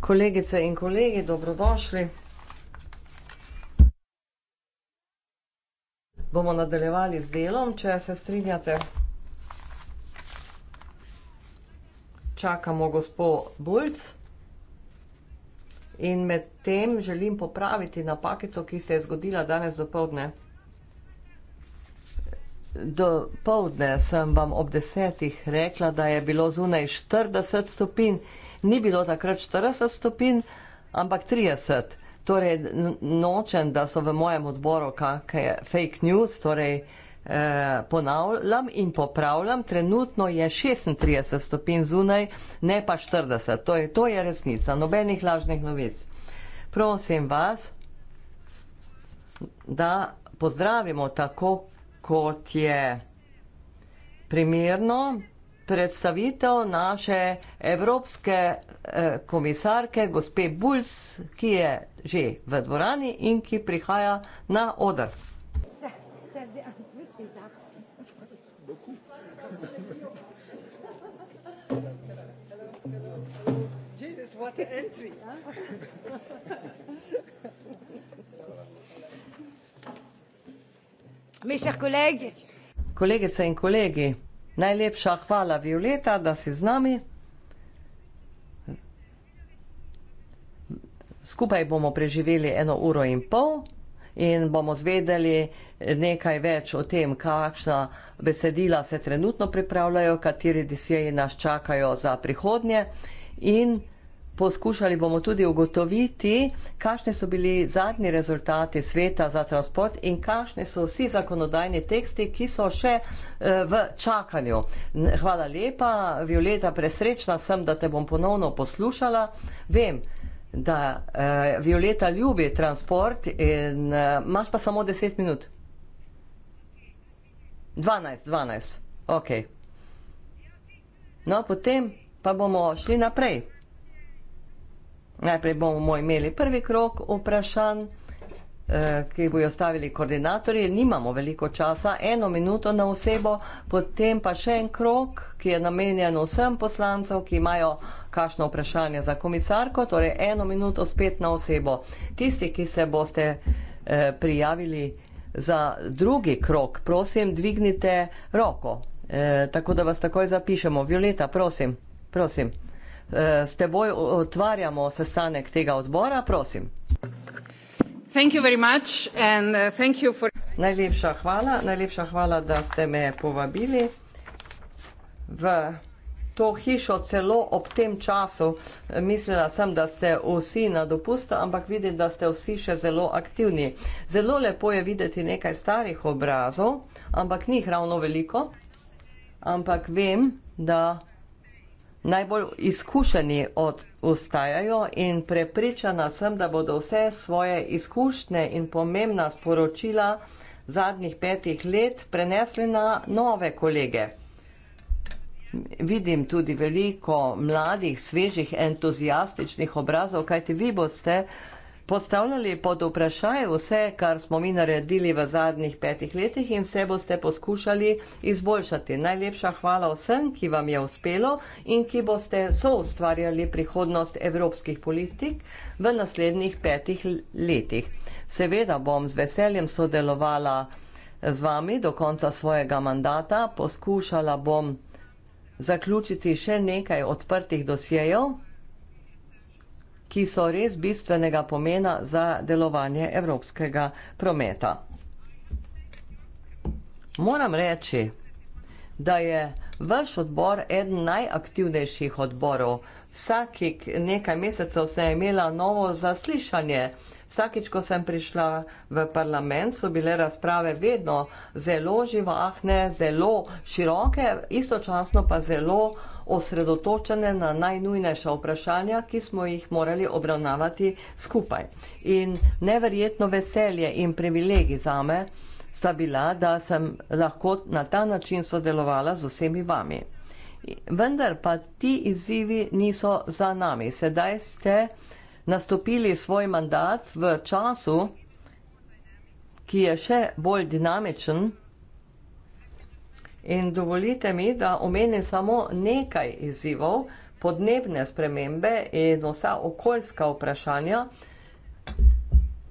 Kolegice in kolegi, dobrodošli. Bomo nadaljevali z delom, če se strinjate. Čakamo gospod Bulc. In med tem želim popraviti napakico, ki se je zgodila danes zopodne do povdne sem vam ob desetih rekla, da je bilo zunaj 40 stopinj, ni bilo takrat 40 stopinj, ampak 30. Torej, nočem, da so v mojem odboru kakšne fake news, torej eh, ponavljam in popravljam, trenutno je 36 stopinj zunaj, ne pa 40. To je, to je resnica, nobenih lažnih novic. Prosim vas, da pozdravimo tako, kot je primerno predstavitev naše evropske eh, komisarke gospe Bulc, ki je že v dvorani in ki prihaja na odr. Jesus, what an entry! Kolegice in kolegi, najlepša hvala Violeta, da si z nami. Skupaj bomo preživeli eno uro in pol in bomo zvedeli nekaj več o tem, kakšna besedila se trenutno pripravljajo, kateri disjeji nas čakajo za prihodnje. In Poskušali bomo tudi ugotoviti, kakšni so bili zadnji rezultati sveta za transport in kakšni so vsi zakonodajni teksti, ki so še eh, v čakanju. Hvala lepa, Violeta, presrečna sem, da te bom ponovno poslušala. Vem, da eh, Violeta ljubi transport in eh, imaš pa samo 10 minut. 12, 12, ok. No, potem pa bomo šli naprej. Hvala. Najprej bomo imeli prvi krok vprašanj, eh, ki bojo stavili koordinatorji. Nimamo veliko časa, eno minuto na osebo, potem pa še en krok, ki je namenjen vsem poslancev, ki imajo kakšno vprašanje za komisarko, torej eno minuto spet na osebo. Tisti, ki se boste eh, prijavili za drugi krok, prosim, dvignite roko, eh, tako da vas takoj zapišemo. Violeta, prosim, prosim. Eh, s teboj otvarjamo sestanek tega odbora, prosim. Eh, najlepša hvala, najlepša hvala, da ste me povabili v to hišo celo ob tem času. Eh, mislila sem, da ste vsi na dopustu, ampak vidim, da ste vsi še zelo aktivni. Zelo lepo je videti nekaj starih obrazov, ampak njih ravno veliko, ampak vem, da najbolj izkušeni od, ostajajo in prepričana sem, da bodo vse svoje izkušnje in pomembna sporočila zadnjih petih let prenesli na nove kolege. Vidim tudi veliko mladih, svežih, entuzijastičnih obrazov, kajti vi boste uh, postavljali pod vprašaj vse, kar smo mi naredili v zadnjih petih letih in vse boste poskušali izboljšati. Najlepša hvala vsem, ki vam je uspelo in ki boste soustvarjali prihodnost evropskih politik v naslednjih petih letih. Seveda bom z veseljem sodelovala z vami do konca svojega mandata, poskušala bom zaključiti še nekaj odprtih dosjejev ki so res bistvenega pomena za delovanje evropskega prometa. Moram reči, da je vaš odbor eden najaktivnejših odborov. Vsakih nekaj mesecev sem imela novo zaslišanje. Vsakič, ko sem prišla v parlament, so bile razprave vedno zelo živahne, zelo široke, istočasno pa zelo osredotočene na najnujnejša vprašanja, ki smo jih morali obravnavati skupaj. In neverjetno veselje in privilegij za me sta bila, da sem lahko na ta način sodelovala z vsemi vami. Vendar pa ti izzivi niso za nami. Sedaj ste nastopili svoj mandat v času, ki je še bolj dinamičen In dovolite mi, da omenim samo nekaj izzivov, podnebne spremembe in vsa okoljska vprašanja.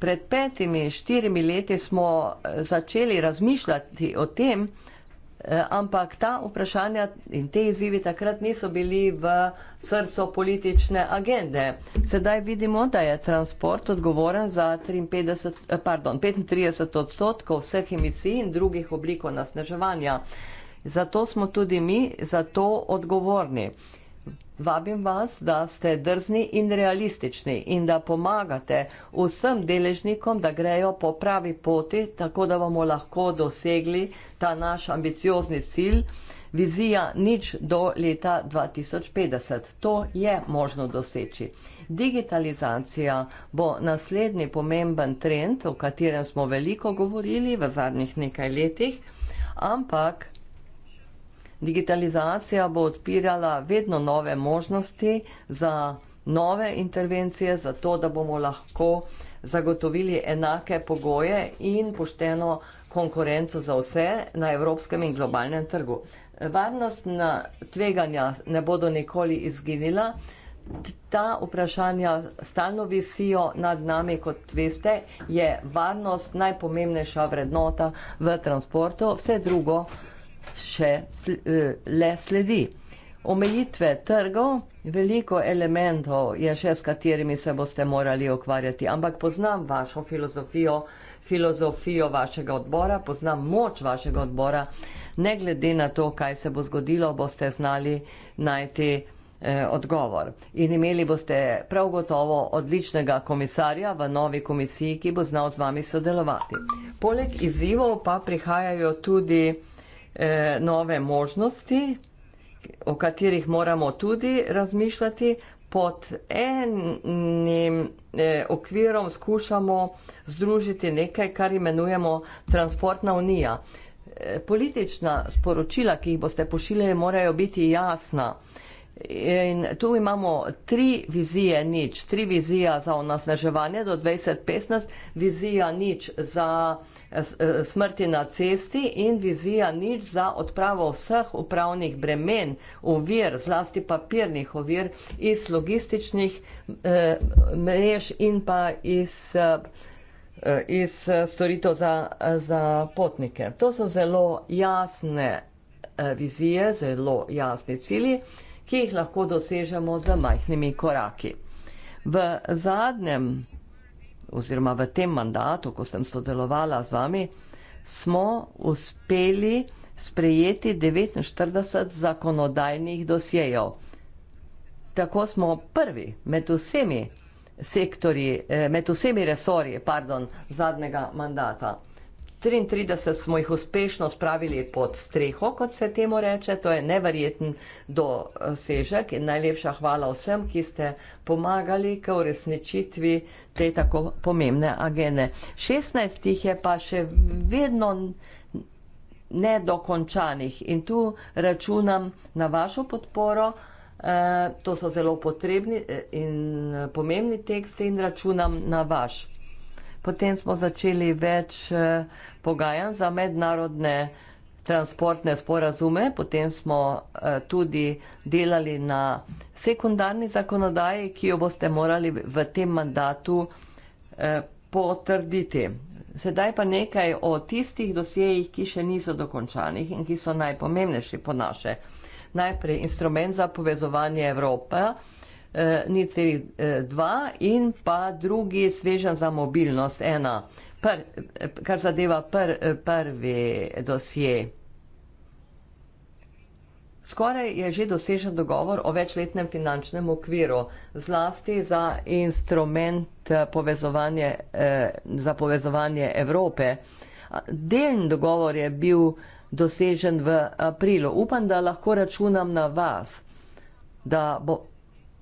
Pred petimi, štirimi leti smo eh, začeli razmišljati o tem, eh, ampak ta vprašanja in te izzivi takrat niso bili v srcu politične agende. Sedaj vidimo, da je transport odgovoren za 53, eh, pardon, 35 odstotkov vseh emisij in drugih oblikov nasneževanja. Zato smo tudi mi za to odgovorni. Vabim vas, da ste drzni in realistični in da pomagate vsem deležnikom, da grejo po pravi poti, tako da bomo lahko dosegli ta naš ambiciozni cilj, vizija nič do leta 2050. To je možno doseči. Digitalizacija bo naslednji pomemben trend, o katerem smo veliko govorili v zadnjih nekaj letih, ampak Digitalizacija bo odpirala vedno nove možnosti za nove intervencije, zato da bomo lahko zagotovili enake pogoje in pošteno konkurenco za vse na evropskem in globalnem trgu. Varnostna tveganja ne bodo nikoli izginila. Ta vprašanja stalno visijo nad nami, kot veste, je varnost najpomembnejša vrednota v transportu, vse drugo še sl eh, le sledi. Omejitve trgov, veliko elementov je še, s katerimi se boste morali ukvarjati, ampak poznam vašo filozofijo, filozofijo vašega odbora, poznam moč vašega odbora. Ne glede na to, kaj se bo zgodilo, boste znali najti eh, odgovor. In imeli boste prav gotovo odličnega komisarja v novi komisiji, ki bo znal z vami sodelovati. Poleg izzivov pa prihajajo tudi eh, nove možnosti, o katerih moramo tudi razmišljati, pod enim eh, okvirom skušamo združiti nekaj, kar imenujemo transportna unija. Eh, politična sporočila, ki jih boste pošiljali, morajo biti jasna. Eh, In tu imamo tri vizije nič, tri vizije za onasneževanje do 2015, vizija nič za eh, eh, smrti na cesti in vizija nič za odpravo vseh upravnih bremen, ovir, zlasti papirnih ovir iz logističnih eh, mrež in pa iz, eh, iz eh, storitev za, za potnike. To so zelo jasne eh, vizije, zelo jasni cilji ki jih lahko dosežemo z majhnimi koraki. V zadnjem oziroma v tem mandatu, ko sem sodelovala z vami, smo uspeli sprejeti 49 zakonodajnih dosjejev. Tako smo prvi med vsemi sektorji, eh, med vsemi resorji, pardon, zadnjega mandata. 33 smo jih uspešno spravili pod streho, kot se temu reče. To je neverjeten dosežek in najlepša hvala vsem, ki ste pomagali k uresničitvi te tako pomembne agene. 16 jih je pa še vedno nedokončanih in tu računam na vašo podporo. Eh, to so zelo potrebni eh, in eh, pomembni teksti in računam na vaš podporo. Potem smo začeli več eh, pogajanj za mednarodne transportne sporazume, potem smo eh, tudi delali na sekundarni zakonodaji, ki jo boste morali v tem mandatu eh, potrditi. Sedaj pa nekaj o tistih dosjejih, ki še niso dokončanih in ki so najpomembnejši po naše. Najprej instrument za povezovanje Evropa, 0,2 eh, in pa drugi svežen za mobilnost 1, pr, kar zadeva pr, prvi dosje. Skoraj je že dosežen dogovor o večletnem finančnem okviru zlasti za instrument eh, povezovanje, eh, za povezovanje Evrope. Deln dogovor je bil dosežen v aprilu. Upam, da lahko računam na vas, da bo,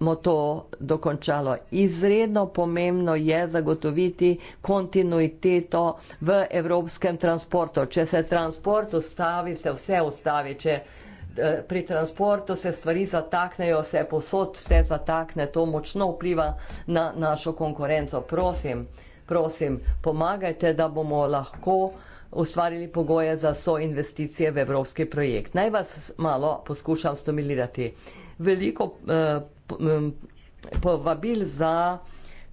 bomo to dokončalo. Izredno pomembno je zagotoviti kontinuiteto v evropskem transportu. Če se transport ustavi, se vse ustavi. Če eh, pri transportu se stvari zataknejo, se posod vse zatakne, to močno vpliva na našo konkurenco. Prosim, prosim, pomagajte, da bomo lahko ustvarili pogoje za soinvesticije v evropski projekt. Naj vas malo poskušam stimulirati. Veliko eh, povabil za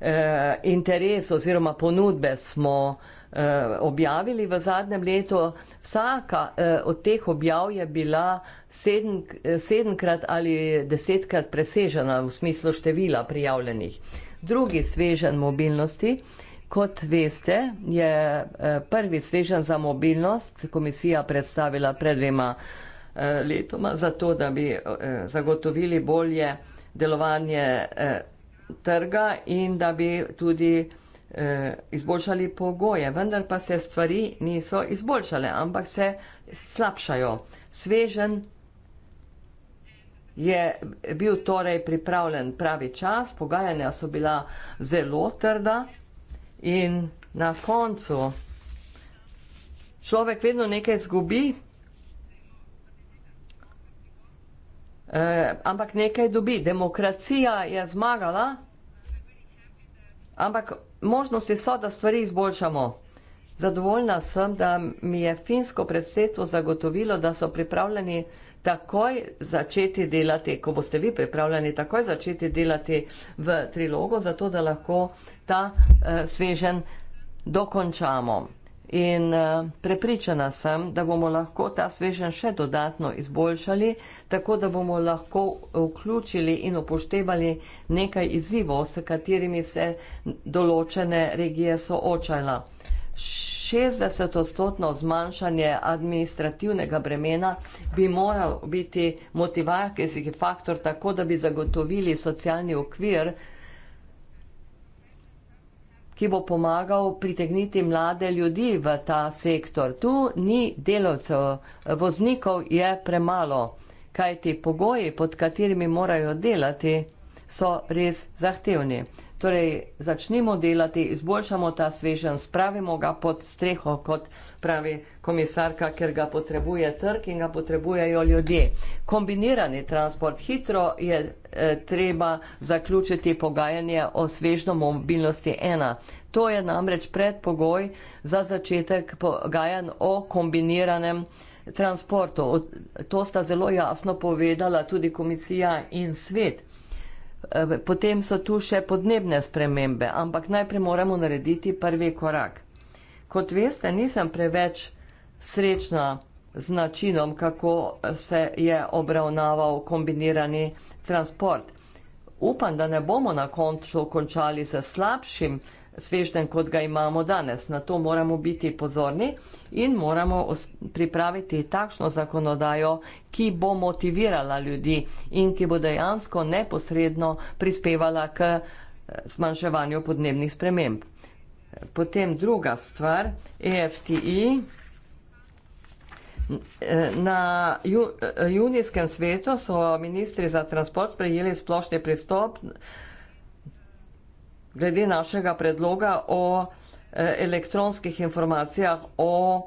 eh, interes oziroma ponudbe smo eh, objavili v zadnjem letu. Vsaka eh, od teh objav je bila sedem, sedemkrat ali desetkrat presežena v smislu števila prijavljenih. Drugi svežen mobilnosti, kot veste, je prvi svežen za mobilnost komisija predstavila pred dvema letoma, zato da bi zagotovili bolje delovanje eh, trga in da bi tudi eh, izboljšali pogoje. Vendar pa se stvari niso izboljšale, ampak se slabšajo. Svežen je bil torej pripravljen pravi čas, pogajanja so bila zelo trda in na koncu človek vedno nekaj zgubi. Eh, ampak nekaj dobi. Demokracija je zmagala, ampak možnost je so, da stvari izboljšamo. Zadovoljna sem, da mi je finsko predsedstvo zagotovilo, da so pripravljeni takoj začeti delati, ko boste vi pripravljeni takoj začeti delati v trilogu, zato da lahko ta uh, eh, svežen dokončamo in eh, prepričana sem, da bomo lahko ta svežen še dodatno izboljšali, tako da bomo lahko vključili in upoštevali nekaj izzivov, s katerimi se določene regije soočala. 60-odstotno zmanjšanje administrativnega bremena bi moral biti motivacijski faktor, tako da bi zagotovili socialni okvir, ki bo pomagal pritegniti mlade ljudi v ta sektor. Tu ni delavcev, voznikov je premalo, kajti pogoji, pod katerimi morajo delati, so res zahtevni. Torej, začnimo delati, izboljšamo ta svežen, spravimo ga pod streho, kot pravi komisarka, ker ga potrebuje trg in ga potrebujejo ljudje. Kombinirani transport hitro je eh, treba zaključiti pogajanje o svežno mobilnosti ena. To je namreč predpogoj za začetek pogajanj o kombiniranem transportu. To sta zelo jasno povedala tudi komisija in svet. Eh, potem so tu še podnebne spremembe, ampak najprej moramo narediti prvi korak. Kot veste, nisem preveč srečna z načinom, kako se je obravnaval kombinirani transport. Upam, da ne bomo na koncu končali s slabšim transportom, svežden, kot ga imamo danes. Na to moramo biti pozorni in moramo pripraviti takšno zakonodajo, ki bo motivirala ljudi in ki bo dejansko neposredno prispevala k eh, zmanjševanju podnebnih sprememb. Potem druga stvar, EFTI. Eh, na eh, junijskem svetu so ministri za transport sprejeli splošni pristop glede našega predloga o e, elektronskih informacijah o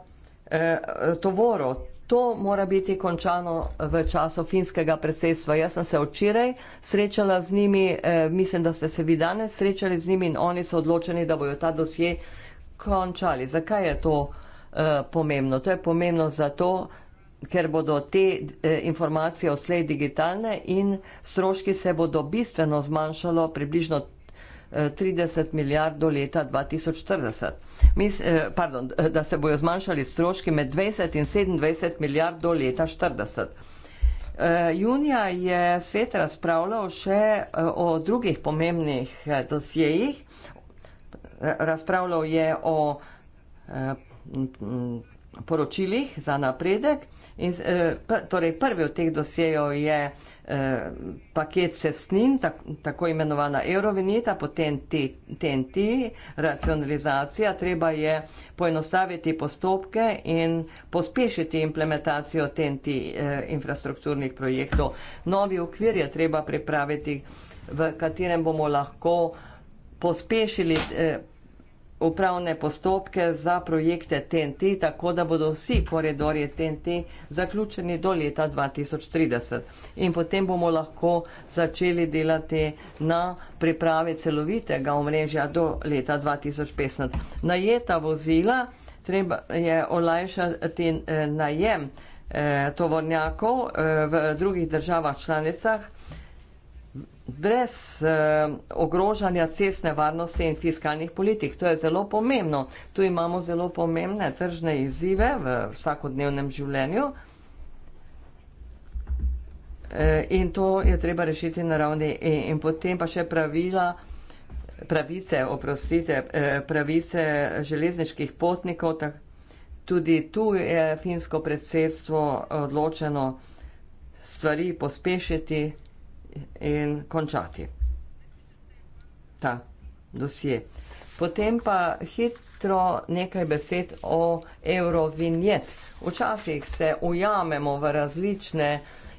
e, tovoru. To mora biti končano v času finskega predsedstva. Jaz sem se včeraj srečala z njimi, e, mislim, da ste se vi danes srečali z njimi in oni so odločeni, da bojo ta dosje končali. Zakaj je to pomembno? To je pomembno zato, ker bodo te informacije odslej digitalne in stroški se bodo bistveno zmanjšalo približno 30%. 30 milijard do leta 2040. Mis, eh, pardon, eh, da se bojo zmanjšali stroški med 20 in 27 milijard do leta 40. Eh, junija je svet razpravljal še o drugih pomembnih dosjejih. Razpravljal je o poročilih za napredek. In, eh, pr, torej prvi od teh dosjejev je eh, paket cestnin, tak, tako imenovana eurovinjeta, potem TNT, racionalizacija. Treba je poenostaviti postopke in pospešiti implementacijo TNT eh, infrastrukturnih projektov. Novi okvir je treba pripraviti, v katerem bomo lahko pospešili. Eh, upravne postopke za projekte TNT, tako da bodo vsi koridorje TNT zaključeni do leta 2030. In potem bomo lahko začeli delati na pripravi celovitega omrežja do leta 2050. Najeta vozila treba je olajšati eh, najem eh, tovornjakov eh, v drugih državah članicah brez eh, ogrožanja cestne varnosti in fiskalnih politik. To je zelo pomembno. Tu imamo zelo pomembne tržne izzive v vsakodnevnem življenju eh, in to je treba rešiti na ravni in, e. in potem pa še pravila, pravice, oprostite, eh, pravice železniških potnikov. Tak, tudi tu je finsko predsedstvo odločeno stvari pospešiti in končati. Ta dosje. Potem pa hitro nekaj besed o eurovinjet. Včasih se ujamemo v različne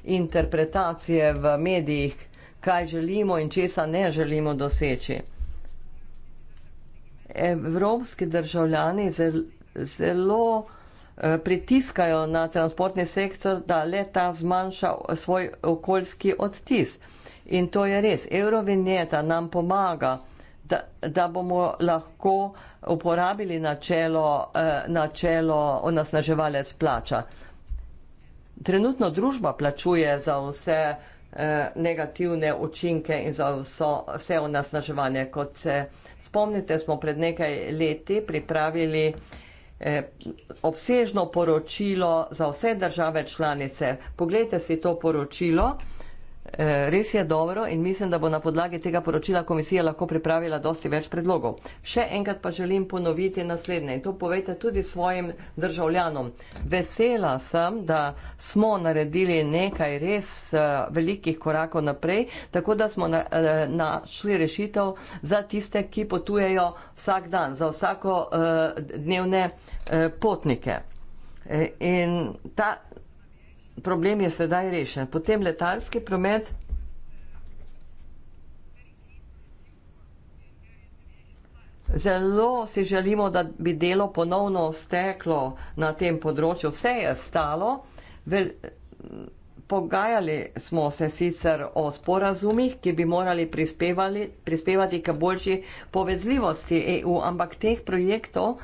interpretacije v medijih, kaj želimo in česa ne želimo doseči. Evropski državljani zel, zelo Eh, pritiskajo na transportni sektor, da leta zmanjša svoj okoljski odtis. In to je res. Eurovinjeta nam pomaga, da, da bomo lahko uporabili načelo, eh, načelo onasnaževalec plača. Trenutno družba plačuje za vse eh, negativne učinke in za vso, vse onasnaževanje. Kot se spomnite, smo pred nekaj leti pripravili Eh, obsežno poročilo za vse države članice. Poglejte si to poročilo. Eh, res je dobro in mislim, da bo na podlagi tega poročila komisija lahko pripravila dosti več predlogov. Še enkrat pa želim ponoviti naslednje in to povejte tudi svojim državljanom. Vesela sem, da smo naredili nekaj res eh, velikih korakov naprej, tako da smo eh, našli na rešitev za tiste, ki potujejo vsak dan, za vsako dnevne potnike. In ta problem je sedaj rešen. Potem letalski promet. Zelo si želimo, da bi delo ponovno steklo na tem področju. Vse je stalo. Vel, pogajali smo se sicer o sporazumih, ki bi morali prispevati k boljši povezljivosti EU, ampak teh projektov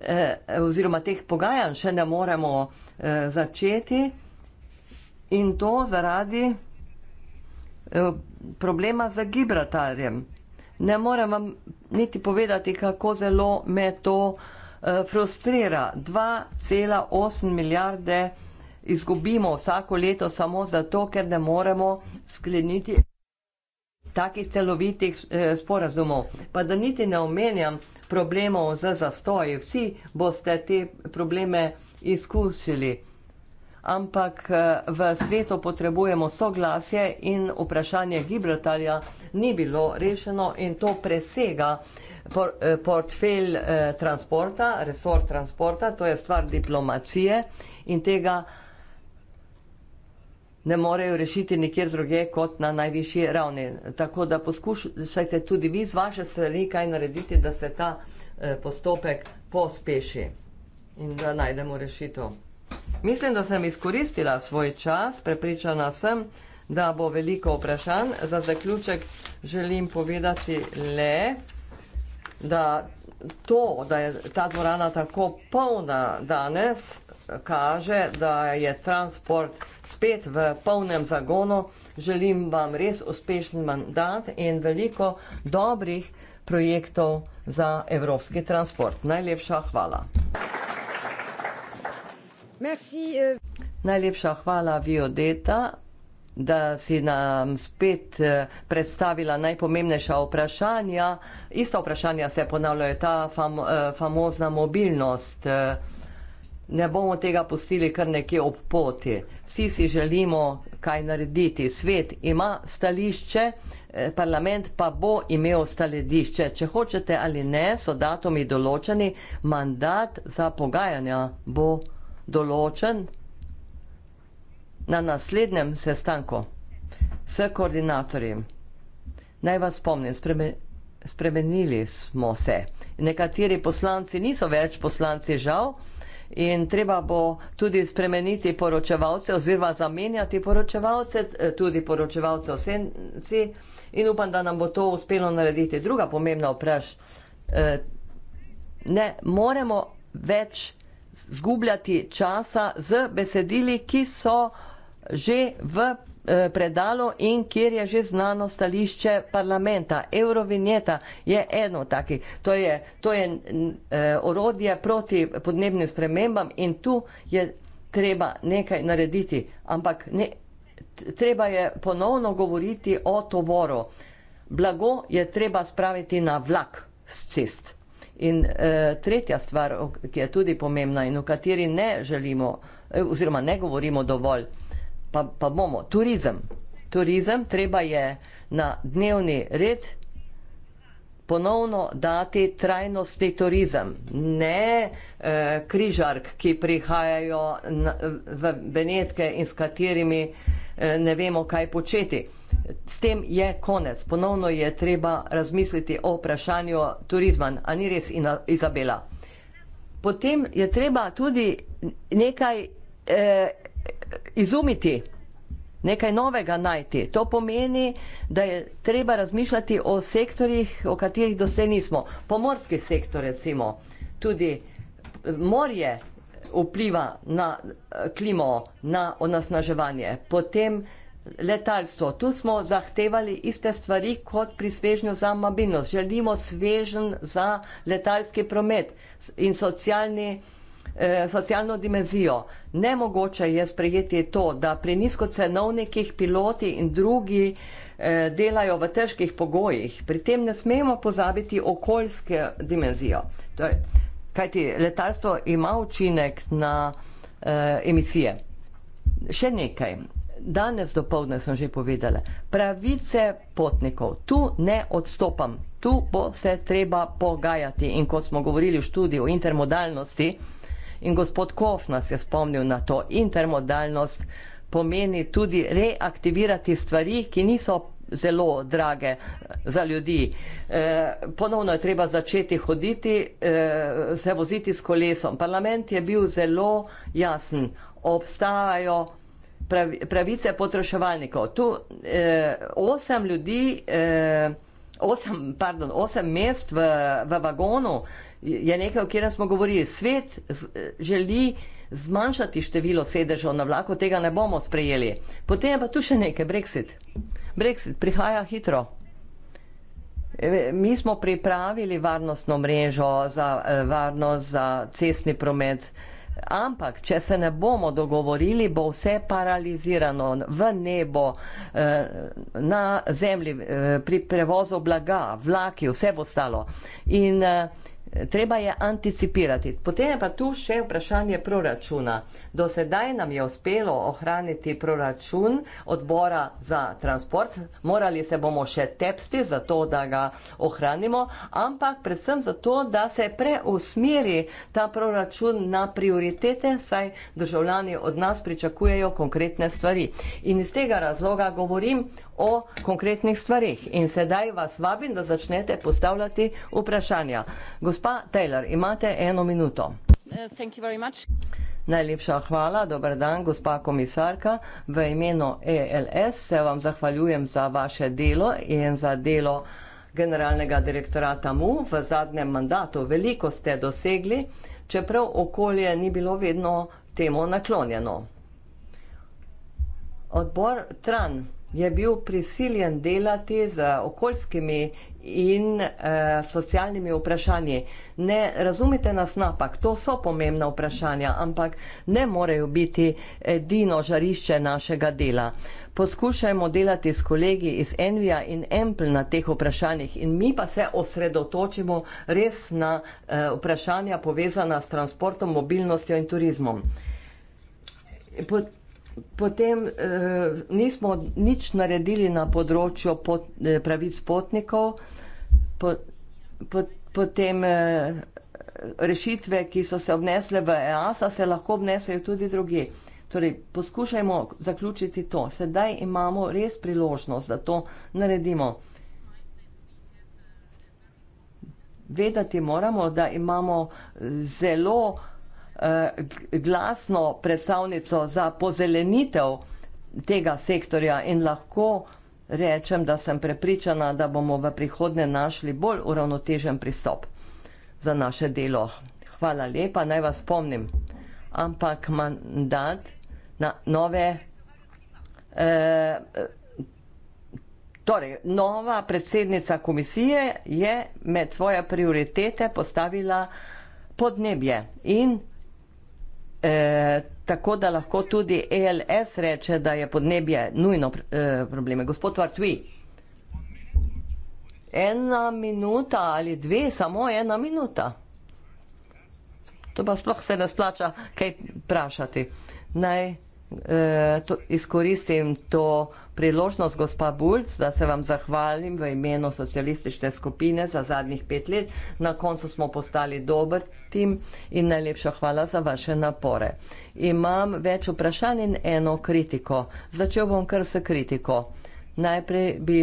eh, oziroma teh pogajanj še ne moremo eh, začeti in to zaradi eh, problema z Gibraltarjem. Ne morem vam niti povedati, kako zelo me to eh, frustrira. 2,8 milijarde izgubimo vsako leto samo zato, ker ne moremo skleniti takih celovitih eh, sporazumov. Pa da niti ne omenjam problemov z zastoji. Vsi boste te probleme izkušili ampak eh, v svetu potrebujemo soglasje in vprašanje Gibraltarja ni bilo rešeno in to presega por, eh, portfelj eh, transporta, resor transporta, to je stvar diplomacije in tega ne morejo rešiti nikjer druge kot na najvišji ravni. Tako da poskušajte tudi vi z vaše strani kaj narediti, da se ta eh, postopek pospeši in da najdemo rešitev. Mislim, da sem izkoristila svoj čas, prepričana sem, da bo veliko vprašanj. Za zaključek želim povedati le, da to, da je ta dvorana tako polna danes, kaže, da je transport spet v polnem zagonu. Želim vam res uspešen mandat in veliko dobrih projektov za evropski transport. Najlepša hvala. Merci. Euh, Najlepša hvala, Violeta, da si nam spet eh, predstavila najpomembnejša vprašanja. Ista vprašanja se ponavljajo, ta fam, eh, famozna mobilnost. Eh. Ne bomo tega pustili kar nekje ob poti. Vsi si želimo kaj narediti. Svet ima stališče, parlament pa bo imel stališče. Če hočete ali ne, so datumi določeni, mandat za pogajanja bo določen na naslednjem sestanku s koordinatorjem. Naj vas spomnim, spremen, spremenili smo se. Nekateri poslanci niso več poslanci žal in treba bo tudi spremeniti poročevalce oziroma zamenjati poročevalce, eh, tudi poročevalce v senci in upam, da nam bo to uspelo narediti. Druga pomembna vpraš, eh, ne moremo več zgubljati časa z besedili, ki so že v eh, predalo in kjer je že znano stališče parlamenta. Eurovinjeta je eno taki. To je, to je eh, orodje proti podnebnim spremembam in tu je treba nekaj narediti. Ampak ne, treba je ponovno govoriti o tovoru. Blago je treba spraviti na vlak s cest. In eh, tretja stvar, ki je tudi pomembna in o kateri ne želimo eh, oziroma ne govorimo dovolj, pa, pa bomo, turizem. Turizem treba je na dnevni red ponovno dati trajnostni turizem, ne eh, križark, ki prihajajo na, v Benetke in s katerimi eh, ne vemo, kaj početi s tem je konec, ponovno je treba razmisliti o vprašanju turizma, a ni res Izabela. Potem je treba tudi nekaj eh, izumiti, nekaj novega najti. To pomeni, da je treba razmišljati o sektorjih, o katerih doslej nismo. Pomorski sektor recimo, tudi eh, morje vpliva na eh, klimo, na onasnaževanje. Potem letalstvo. Tu smo zahtevali iste stvari kot pri svežnju za mobilnost. Želimo svežen za letalski promet in socialni, eh, socialno dimenzijo. Nemogoče je sprejeti to, da pri nizkocenovnikih piloti in drugi eh, delajo v težkih pogojih. Pri tem ne smemo pozabiti okoljske dimenzijo. To torej, je, kajti letalstvo ima učinek na eh, emisije. Še nekaj danes do povdne sem že povedala, pravice potnikov, tu ne odstopam, tu bo se treba pogajati in ko smo govorili v študiju o intermodalnosti in gospod Kof nas je spomnil na to, intermodalnost pomeni tudi reaktivirati stvari, ki niso zelo drage eh, za ljudi. E, ponovno je treba začeti hoditi, e, se voziti s kolesom. Parlament je bil zelo jasen, obstajajo pravice potraševalnikov. Tu eh, osem ljudi, eh, osem, pardon, osem mest v, v vagonu je nekaj, o katerem smo govorili. Svet z, eh, želi zmanjšati število sedežev na vlaku, tega ne bomo sprejeli. Potem je pa tu še nekaj, Brexit. Brexit prihaja hitro. Eh, mi smo pripravili varnostno mrežo za eh, varnost, za cestni promet, Ampak, če se ne bomo dogovorili, bo vse paralizirano v nebo, eh, na zemlji, eh, pri prevozu blaga, vlaki, vse bo stalo. In eh, treba je anticipirati. Potem je pa tu še vprašanje proračuna. Do sedaj nam je uspelo ohraniti proračun odbora za transport. Morali se bomo še tepsti za to, da ga ohranimo, ampak predvsem zato, da se preusmeri ta proračun na prioritete, saj državljani od nas pričakujejo konkretne stvari. In iz tega razloga govorim o konkretnih stvarih. In sedaj vas vabim, da začnete postavljati vprašanja. Gospa Taylor, imate eno minuto. Uh, Najlepša hvala, dober dan, gospa komisarka. V imenu ELS se vam zahvaljujem za vaše delo in za delo generalnega direktorata MU v zadnjem mandatu. Veliko ste dosegli, čeprav okolje ni bilo vedno temu naklonjeno. Odbor Tran je bil prisiljen delati z okoljskimi in eh, socialnimi vprašanji. Ne razumite nas napak, to so pomembna vprašanja, ampak ne morejo biti edino žarišče našega dela. Poskušajmo delati s kolegi iz Envija in Empl na teh vprašanjih in mi pa se osredotočimo res na eh, vprašanja povezana s transportom, mobilnostjo in turizmom. Pot Potem eh, nismo nič naredili na področju pot, eh, pravic potnikov, po, po, potem eh, rešitve, ki so se obnesle v EASA, se lahko obnesejo tudi druge. Torej, poskušajmo zaključiti to. Sedaj imamo res priložnost, da to naredimo. Vedati moramo, da imamo zelo Eh, glasno predstavnico za pozelenitev tega sektorja in lahko rečem, da sem prepričana, da bomo v prihodnje našli bolj uravnotežen pristop za naše delo. Hvala lepa, naj vas spomnim, ampak mandat na nove eh, Torej, nova predsednica komisije je med svoje prioritete postavila podnebje in Eh, tako da lahko tudi ELS reče, da je podnebje nujno pr eh, probleme. Gospod Vartvi. Ena minuta ali dve, samo ena minuta. To pa sploh se ne splača kaj vprašati. Naj eh, to, izkoristim to priložnost, gospa Bulc, da se vam zahvalim v imenu socialistične skupine za zadnjih pet let. Na koncu smo postali dober tim in najlepša hvala za vaše napore. Imam več vprašanj in eno kritiko. Začel bom kar s kritiko. Najprej bi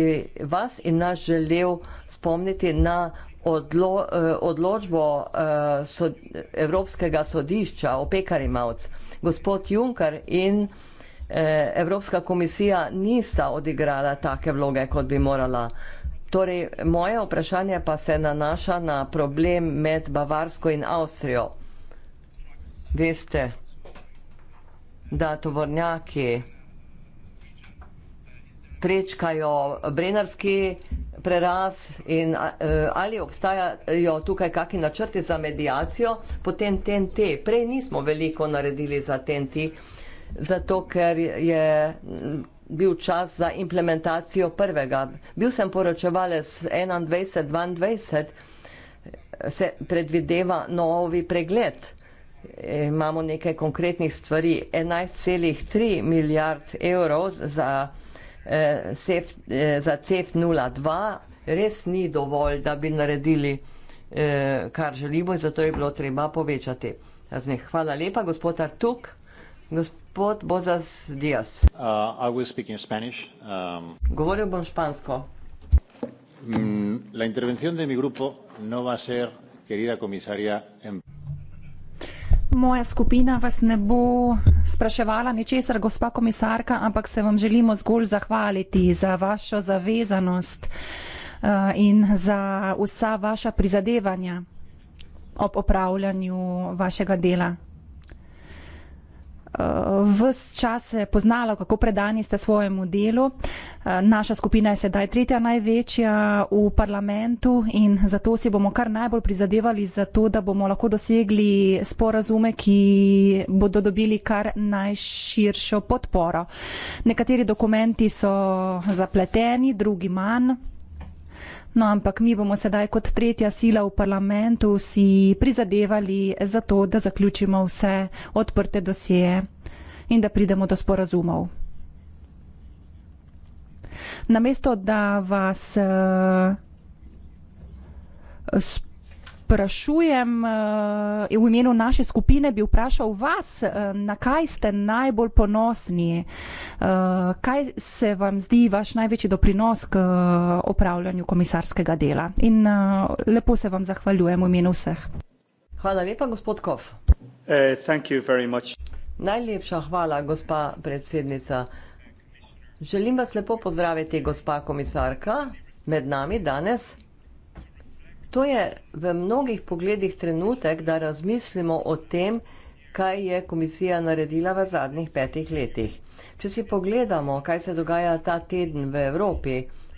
vas in nas želel spomniti na odlo, eh, odločbo eh, so, Evropskega sodišča o pekarimavc. Gospod Junkar in Eh, Evropska komisija nista odigrala take vloge, kot bi morala. Torej, moje vprašanje pa se nanaša na problem med Bavarsko in Avstrijo. Veste, da tovornjaki prečkajo brenarski preraz in eh, ali obstajajo tukaj kaki načrti za medijacijo, potem TNT. Prej nismo veliko naredili za TNT zato ker je bil čas za implementacijo prvega. Bil sem poročevalec 21-22, se predvideva novi pregled. Imamo nekaj konkretnih stvari. 11,3 milijard evrov za, eh, eh, za CEF 02 res ni dovolj, da bi naredili, eh, kar želimo in zato je bilo treba povečati. Hvala lepa, gospod Artuk. Gosp Pod Bozas Diaz. Uh, I will speak in Spanish. Um, Govoril bom špansko. Mm, la intervención de mi grupo no va a ser, querida comisaria, en... Moja skupina vas ne bo spraševala ničesar, gospa komisarka, ampak se vam želimo zgolj zahvaliti za vašo zavezanost uh, in za vsa vaša prizadevanja ob opravljanju vašega dela uh, eh, vse čas se je poznalo, kako predani ste svojemu delu. Uh, naša skupina je sedaj tretja največja v parlamentu in zato si bomo kar najbolj prizadevali za to, da bomo lahko dosegli sporazume, ki bodo dobili kar najširšo podporo. Nekateri dokumenti so zapleteni, drugi manj. No, ampak mi bomo sedaj kot tretja sila v parlamentu si prizadevali za to, da zaključimo vse odprte dosjeje in da pridemo do sporazumov. Namesto, da vas uh, vprašujem, eh, v imenu naše skupine bi vprašal vas, eh, na kaj ste najbolj ponosni, eh, kaj se vam zdi vaš največji doprinos k opravljanju komisarskega dela. In lepo se vam zahvaljujem v imenu vseh. Hvala lepa, gospod Kof. Najlepša hvala, gospa predsednica. Želim vas lepo pozdraviti, gospa komisarka, med nami danes. To je v mnogih pogledih trenutek, da razmislimo o tem, kaj je komisija naredila v zadnjih petih letih. Če si pogledamo, kaj se dogaja ta teden v Evropi,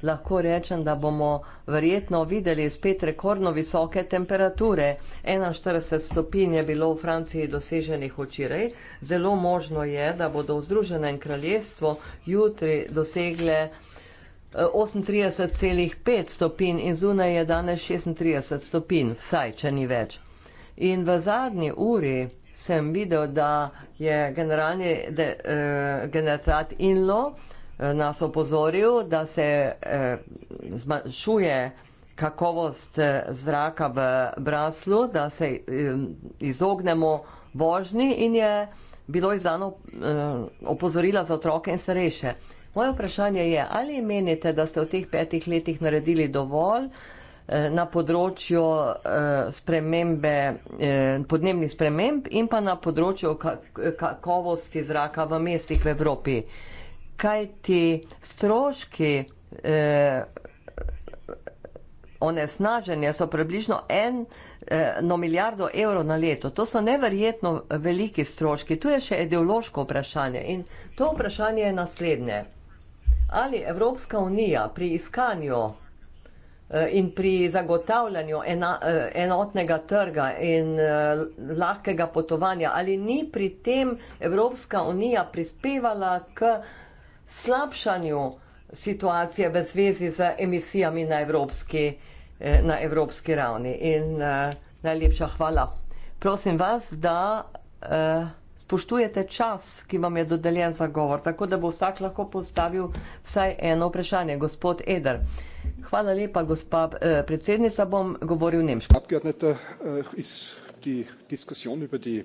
lahko rečem, da bomo verjetno videli spet rekordno visoke temperature. 41 stopinj je bilo v Franciji doseženih včeraj. Zelo možno je, da bodo v Združenem kraljestvu jutri dosegle 38,5 stopinj in zunaj je danes 36 stopinj, vsaj, če ni več. In v zadnji uri sem videl, da je generalni de, eh, generat Inlo eh, nas opozoril, da se eh, zmanjšuje kakovost eh, zraka v Braslu, da se eh, izognemo vožnji in je bilo izdano eh, opozorila za otroke in starejše. Eh, Moje vprašanje je, ali menite, da ste v teh petih letih naredili dovolj eh, na področju eh, spremembe, eh, podnebnih sprememb in pa na področju kakovosti zraka v mestih v Evropi. Kaj ti stroški eh, onesnaženja so približno eno milijardo evrov na leto? To so neverjetno veliki stroški. Tu je še ideološko vprašanje in to vprašanje je naslednje ali Evropska unija pri iskanju eh, in pri zagotavljanju ena, eh, enotnega trga in eh, lahkega potovanja, ali ni pri tem Evropska unija prispevala k slabšanju situacije v zvezi z emisijami na evropski, na evropski ravni. In najlepša hvala. Prosim vas, da uh, spoštujete čas, ki vam je dodeljen za govor, tako da bo vsak lahko postavil vsaj eno vprašanje. Gospod Eder. Hvala lepa, gospa eh, predsednica. Bom govoril nemško. Eh,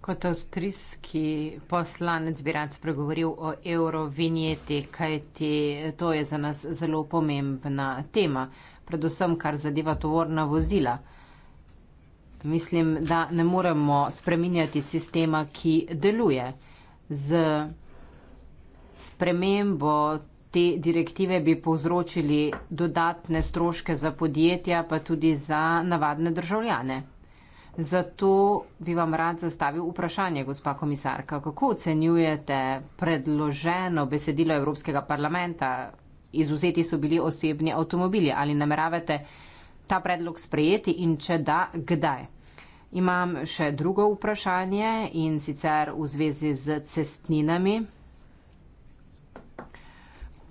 Kot avstrijski poslanec bi rad spregovoril o eurovinjeti, kajti to je za nas zelo pomembna tema, predvsem kar zadeva tovorna vozila. Mislim, da ne moremo spreminjati sistema, ki deluje. Z spremembo te direktive bi povzročili dodatne stroške za podjetja, pa tudi za navadne državljane. Zato bi vam rad zastavil vprašanje, gospa komisarka, kako ocenjujete predloženo besedilo Evropskega parlamenta? Izuzeti so bili osebni avtomobili. Ali nameravate ta predlog sprejeti in če da, kdaj? Imam še drugo vprašanje in sicer v zvezi z cestninami.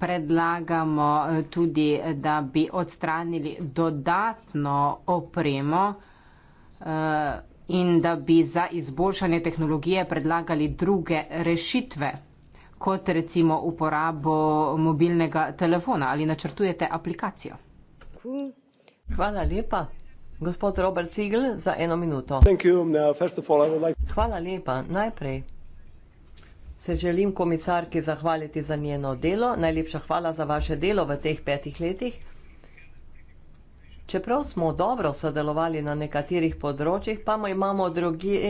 Predlagamo eh, tudi, eh, da bi odstranili dodatno opremo eh, in da bi za izboljšanje tehnologije predlagali druge rešitve, kot recimo uporabo mobilnega telefona ali načrtujete aplikacijo. Hvala lepa. Gospod Robert Sigl, za eno minuto. Hvala lepa. Najprej se želim komisarki zahvaliti za njeno delo. Najlepša hvala za vaše delo v teh petih letih. Čeprav smo dobro sodelovali na nekaterih področjih, pa imamo drugi,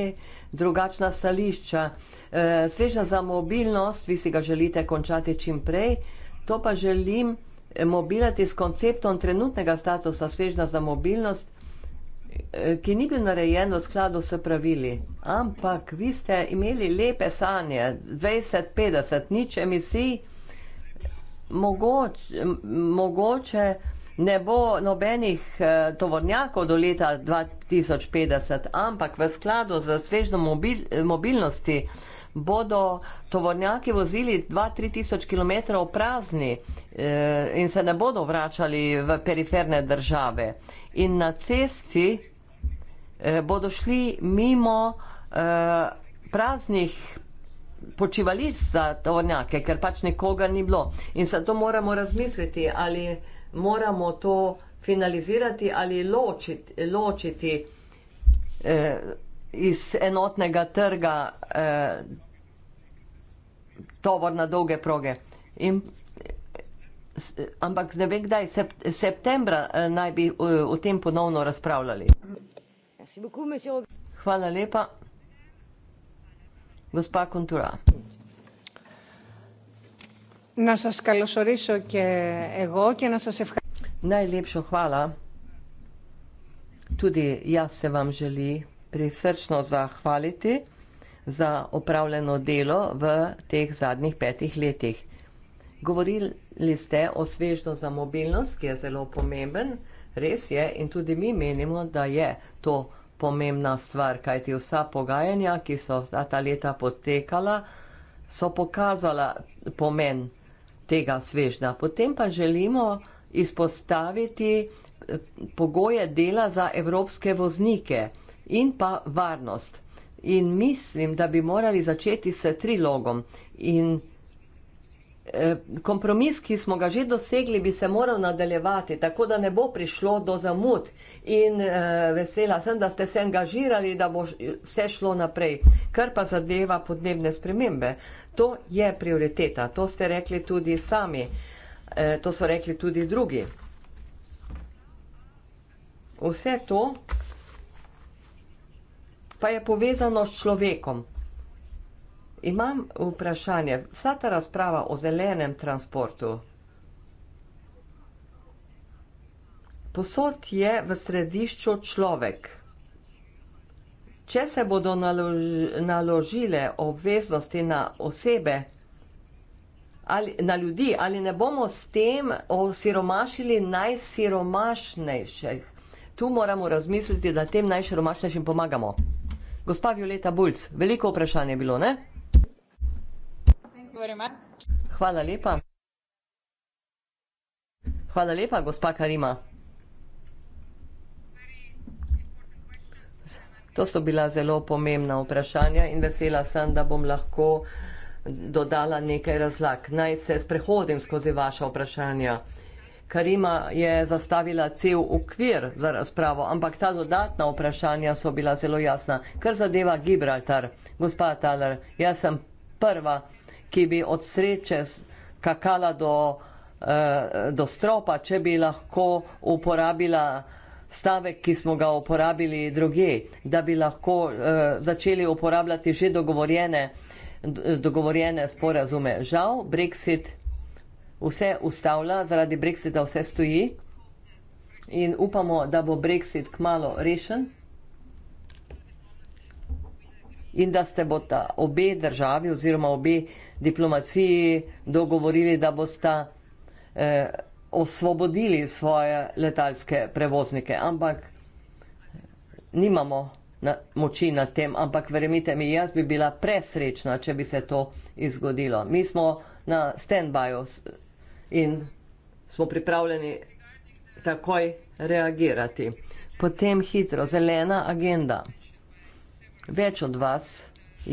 drugačna stališča. E, Sveža za mobilnost, vi si ga želite končati čim prej, to pa želim eh, mobilati s konceptom trenutnega statusa Svežna za mobilnost, Eh, ki ni bil narejen v skladu s pravili. Ampak vi ste imeli lepe sanje, 20, 50, nič emisij, mogoč, mogoče ne bo nobenih eh, tovornjakov do leta 2050, ampak v skladu z svežno mobil, eh, mobilnosti bodo tovornjaki vozili 2-3 tisoč km prazni eh, in se ne bodo vračali v periferne države. In na cesti eh, bodo šli mimo eh, praznih počivališ za tovornjake, ker pač nikoga ni bilo. In se to moramo razmisliti, ali moramo to finalizirati ali ločiti, ločiti eh, iz enotnega trga eh, tovor na dolge proge. In, eh, ampak ne vem, kdaj, sept, septembra eh, naj bi o, eh, o tem ponovno razpravljali. Hvala lepa. Gospa Kontura. Najlepšo hvala. Tudi jaz se vam želim prisrčno zahvaliti za opravljeno delo v teh zadnjih petih letih. Govorili ste o svežno za mobilnost, ki je zelo pomemben. Res je in tudi mi menimo, da je to pomembna stvar, kajti vsa pogajanja, ki so ta leta potekala, so pokazala pomen tega svežna. Potem pa želimo izpostaviti pogoje dela za evropske voznike in pa varnost. In mislim, da bi morali začeti s trilogom. In eh, Kompromis, ki smo ga že dosegli, bi se moral nadaljevati, tako da ne bo prišlo do zamud. In uh, vesela sem, da ste se angažirali, da bo vse šlo naprej. Kar pa zadeva podnebne spremembe, to je prioriteta. To ste rekli tudi sami, uh, to so rekli tudi drugi. Vse to pa je povezano s človekom. Imam vprašanje, vsa ta razprava o zelenem transportu. Posod je v središču človek. Če se bodo nalož, naložile obveznosti na osebe, ali, na ljudi, ali ne bomo s tem osiromašili najsiromašnejših? Tu moramo razmisliti, da tem najsiromašnejšim pomagamo. Gospa Violeta Bulc, veliko vprašanje je bilo, ne? Hvala lepa. Hvala lepa, gospa Karima. To so bila zelo pomembna vprašanja in vesela sem, da bom lahko dodala nekaj razlag. Naj se sprehodim skozi vaša vprašanja. Karima je zastavila cel okvir za razpravo, ampak ta dodatna vprašanja so bila zelo jasna. Kar zadeva Gibraltar, gospa Taler, jaz sem prva, ki bi od sreče skakala do, eh, do stropa, če bi lahko uporabila stavek, ki smo ga uporabili druge, da bi lahko eh, začeli uporabljati že dogovorjene, dogovorjene sporazume. Žal, Brexit vse ustavlja, zaradi brexita vse stoji in upamo, da bo brexit kmalo rešen in da ste bota obe državi oziroma obe diplomaciji dogovorili, da bosta eh, osvobodili svoje letalske prevoznike, ampak nimamo na, moči nad tem, ampak verjemite mi, jaz bi bila presrečna, če bi se to izgodilo. Mi smo na stand-byu, in smo pripravljeni takoj reagirati. Potem hitro, zelena agenda. Več od vas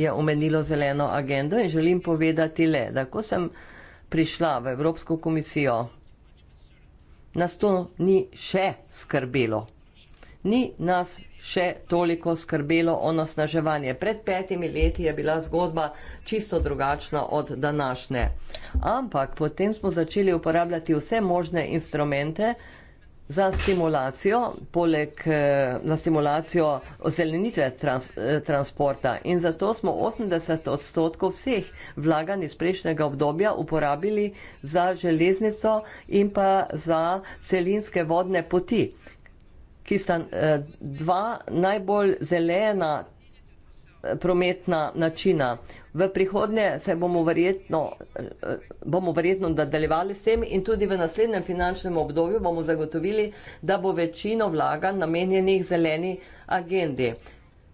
je omenilo zeleno agendo in želim povedati le, da ko sem prišla v Evropsko komisijo, nas to ni še skrbelo. Ni nas še toliko skrbelo onosnaževanje. Pred petimi leti je bila zgodba čisto drugačna od današnje. Ampak potem smo začeli uporabljati vse možne instrumente za stimulacijo, poleg eh, na stimulacijo ozelenitve trans, eh, transporta. In zato smo 80 odstotkov vseh vlaganj iz prejšnjega obdobja uporabili za železnico in pa za celinske vodne poti ki sta eh, dva najbolj zelena eh, prometna načina. V prihodnje se bomo verjetno, eh, bomo verjetno nadaljevali s tem in tudi v naslednjem finančnem obdobju bomo zagotovili, da bo večino vlaga namenjenih zeleni agendi.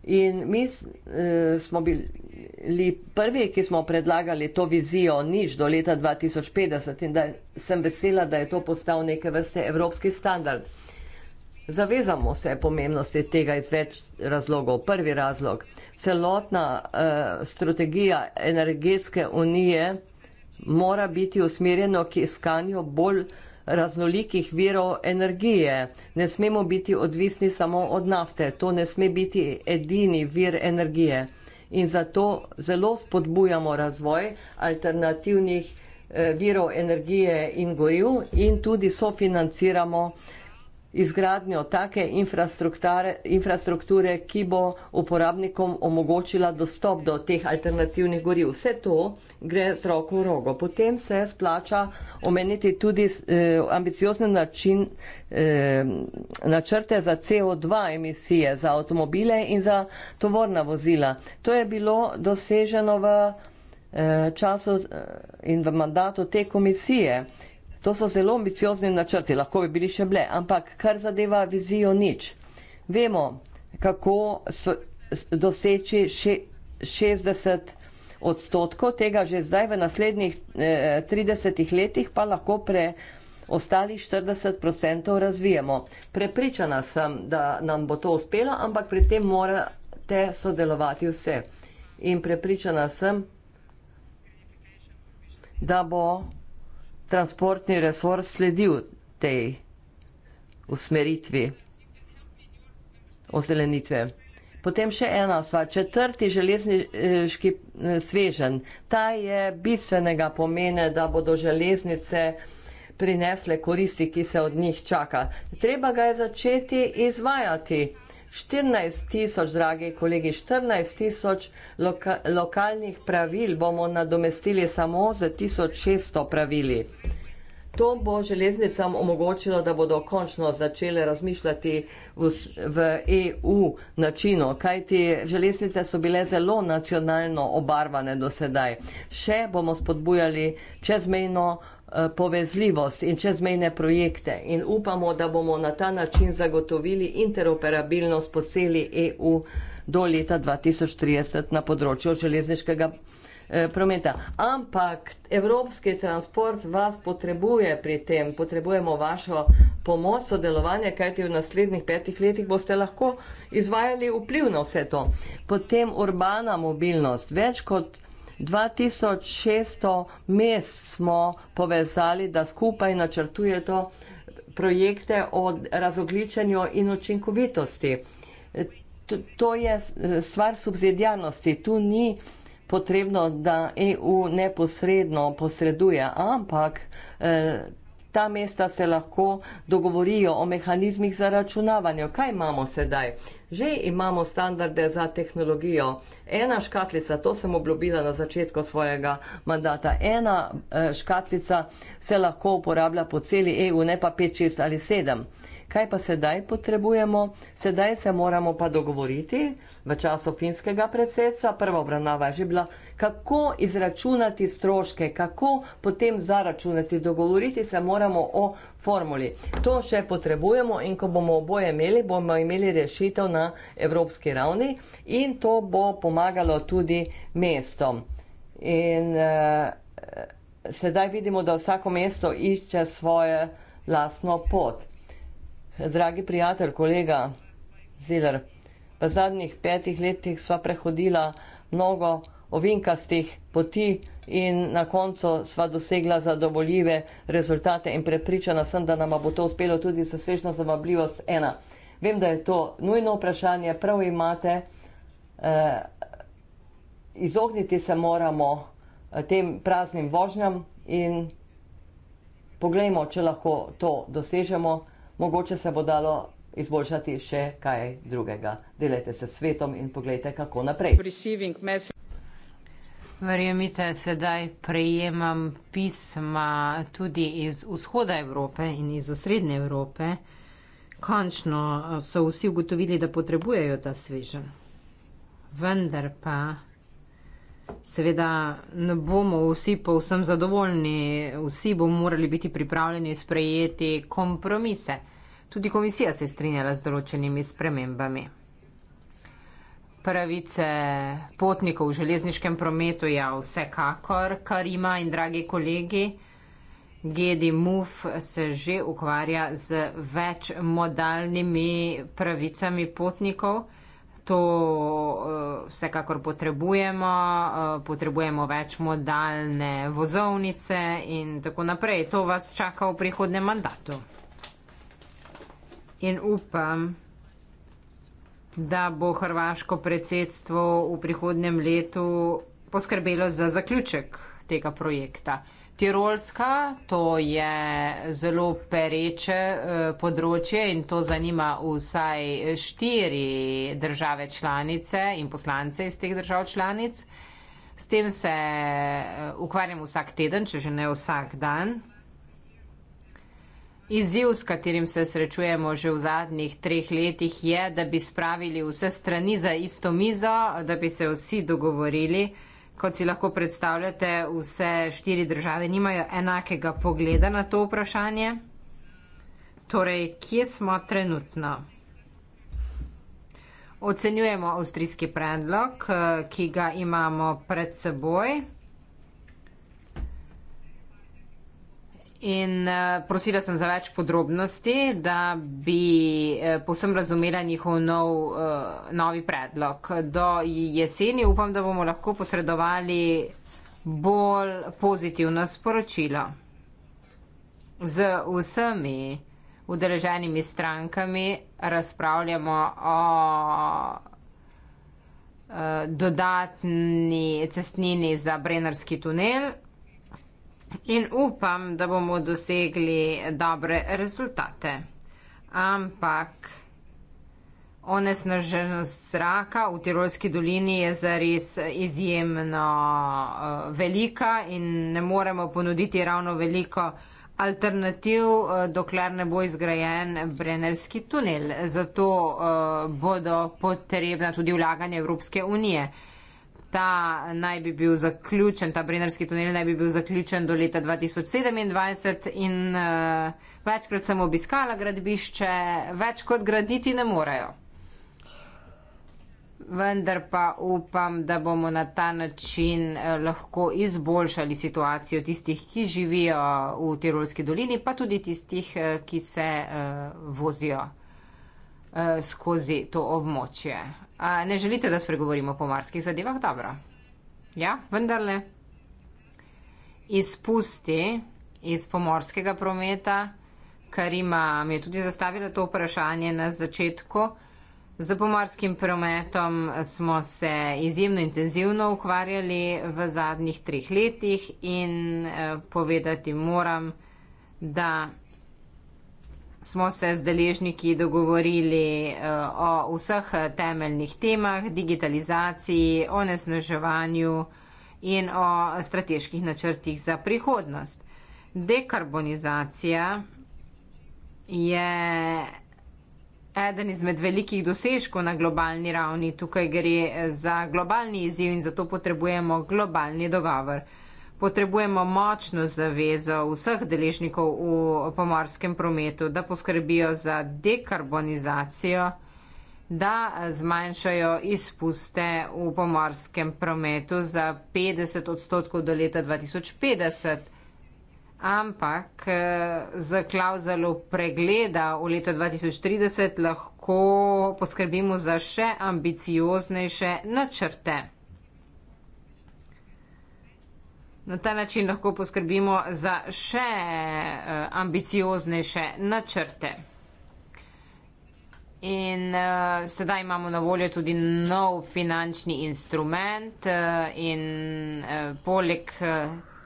In mi smo bili prvi, ki smo predlagali to vizijo nič do leta 2050 in da sem vesela, da je to postal neke vrste evropski standard. Zavezamo se pomembnosti tega iz več razlogov. Prvi razlog, celotna uh, strategija energetske unije mora biti usmerjena k iskanju bolj raznolikih virov energije. Ne smemo biti odvisni samo od nafte, to ne sme biti edini vir energije. In zato zelo spodbujamo razvoj alternativnih uh, virov energije in goju in tudi sofinanciramo uh, izgradnjo take infrastrukture, infrastrukture, ki bo uporabnikom omogočila dostop do teh alternativnih goriv. Vse to gre z roko v rogo. Potem se splača omeniti tudi eh, ambiciozne način, eh, načrte za CO2 emisije za avtomobile in za tovorna vozila. To je bilo doseženo v eh, času eh, in v mandatu te komisije. To so zelo ambiciozni načrti, lahko bi bili še bile, ampak kar zadeva vizijo nič. Vemo, kako doseči še 60 odstotkov tega že zdaj v naslednjih eh, 30 letih, pa lahko pre ostalih 40 odstotkov razvijemo. Prepričana sem, da nam bo to uspelo, ampak pri tem morate sodelovati vse. In prepričana sem, da bo transportni resor sledil tej usmeritvi ozelenitve. Potem še ena stvar, četrti železniški eh, svežen. Ta je bistvenega pomene, da bodo železnice prinesle koristi, ki se od njih čaka. Treba ga je začeti izvajati. 14 tisoč, dragi kolegi, 14 tisoč loka lokalnih pravil bomo nadomestili samo z 1600 pravili. To bo železnicam omogočilo, da bodo končno začele razmišljati v, v EU načinu, kajti železnice so bile zelo nacionalno obarvane do sedaj. Še bomo spodbujali čezmejno Eh, povezljivost in čezmejne projekte in upamo, da bomo na ta način zagotovili interoperabilnost po celi EU do leta 2030 na področju železniškega eh, prometa. Ampak evropski transport vas potrebuje pri tem, potrebujemo vašo pomoč, sodelovanje, kajti v naslednjih petih letih boste lahko izvajali vpliv na vse to. Potem urbana mobilnost, več kot 2600 mest smo povezali, da skupaj načrtuje to projekte o razogličenju in učinkovitosti. To je stvar subsidijarnosti, tu ni potrebno, da EU neposredno posreduje, ampak eh, ta mesta se lahko dogovorijo o mehanizmih za računavanje. Kaj imamo sedaj? Že imamo standarde za tehnologijo. Ena škatlica, to sem obljubila na začetku svojega mandata, ena eh, škatlica se lahko uporablja po celi EU, ne pa 5, 6 ali 7 kaj pa sedaj potrebujemo, sedaj se moramo pa dogovoriti v času finskega predsedstva, prva obravnava je že bila, kako izračunati stroške, kako potem zaračunati, dogovoriti se moramo o formuli. To še potrebujemo in ko bomo oboje imeli, bomo imeli rešitev na evropski ravni in to bo pomagalo tudi mestom. In eh, sedaj vidimo, da vsako mesto išče svoje lastno pot. Dragi prijatelj, kolega Zeler, v zadnjih petih letih sva prehodila mnogo ovinkastih poti in na koncu sva dosegla zadovoljive rezultate in prepričana sem, da nama bo to uspelo tudi s svežno zamabljivost ena. Vem, da je to nujno vprašanje, prav imate, eh, izogniti se moramo eh, tem praznim vožnjam in poglejmo, če lahko to dosežemo mogoče se bo dalo izboljšati še kaj drugega. Delajte se s svetom in pogledajte, kako naprej. Verjemite, sedaj prejemam pisma tudi iz vzhoda Evrope in iz osrednje Evrope. Končno eh, so vsi ugotovili, da potrebujejo ta svežen. Vendar pa Seveda ne bomo vsi povsem zadovoljni, vsi bomo morali biti pripravljeni sprejeti kompromise. Tudi komisija se je strinjala z določenimi spremembami. Pravice potnikov v železniškem prometu je ja, vsekakor, kar ima in dragi kolegi, Gedi Muf se že ukvarja z več modalnimi pravicami potnikov to uh, vsekakor potrebujemo, uh, potrebujemo več modalne vozovnice in tako naprej. To vas čaka v prihodnem mandatu. In upam, da bo hrvaško predsedstvo v prihodnem letu poskrbelo za zaključek tega projekta. Tirolska, to je zelo pereče eh, področje in to zanima vsaj štiri države članice in poslance iz teh držav članic. S tem se eh, ukvarjam vsak teden, če že ne vsak dan. Izziv, s katerim se srečujemo že v zadnjih treh letih, je, da bi spravili vse strani za isto mizo, da bi se vsi dogovorili kot si lahko predstavljate, vse štiri države nimajo enakega pogleda na to vprašanje. Torej, kje smo trenutno? Ocenjujemo avstrijski predlog, eh, ki ga imamo pred seboj. In uh, prosila sem za več podrobnosti, da bi uh, eh, posem razumela njihov nov, uh, novi predlog. Do jeseni upam, da bomo lahko posredovali bolj pozitivno sporočilo z vsemi. Udeleženimi strankami razpravljamo o, o dodatni cestnini za Brenerski tunel, in upam, da bomo dosegli dobre rezultate. Ampak onesnaženost zraka v Tirolski dolini je zares izjemno eh, velika in ne moremo ponuditi ravno veliko alternativ, eh, dokler ne bo izgrajen Brennerski tunel. Zato eh, bodo potrebna tudi vlaganje Evropske unije ta naj bi bil zaključen, ta Brennerski tunel naj bi bil zaključen do leta 2027 in uh, večkrat sem obiskala gradbišče, več kot graditi ne morejo. Vendar pa upam, da bomo na ta način eh, lahko izboljšali situacijo tistih, ki živijo v Tirolski dolini, pa tudi tistih, eh, ki se vozijo skozi to območje. A ne želite, da spregovorimo po marskih zadevah? Dobro. Ja, vendarle. Izpusti iz pomorskega prometa, kar ima, mi je tudi zastavila to vprašanje na začetku. Z pomorskim prometom smo se izjemno intenzivno ukvarjali v zadnjih treh letih in eh, povedati moram, da smo se z deležniki dogovorili eh, o vseh eh, temeljnih temah, digitalizaciji, onesnaževanju in o strateških načrtih za prihodnost. Dekarbonizacija je eden izmed velikih dosežkov na globalni ravni. Tukaj gre eh, za globalni izziv in zato potrebujemo globalni dogovor potrebujemo močno zavezo vseh deležnikov v pomorskem prometu, da poskrbijo za dekarbonizacijo, da zmanjšajo izpuste v pomorskem prometu za 50 odstotkov do leta 2050. Ampak eh, za klauzalo pregleda v leto 2030 lahko poskrbimo za še ambicioznejše načrte. Na ta način lahko poskrbimo za še eh, ambicioznejše načrte. In uh, sedaj imamo na voljo tudi nov finančni instrument uh, in uh, poleg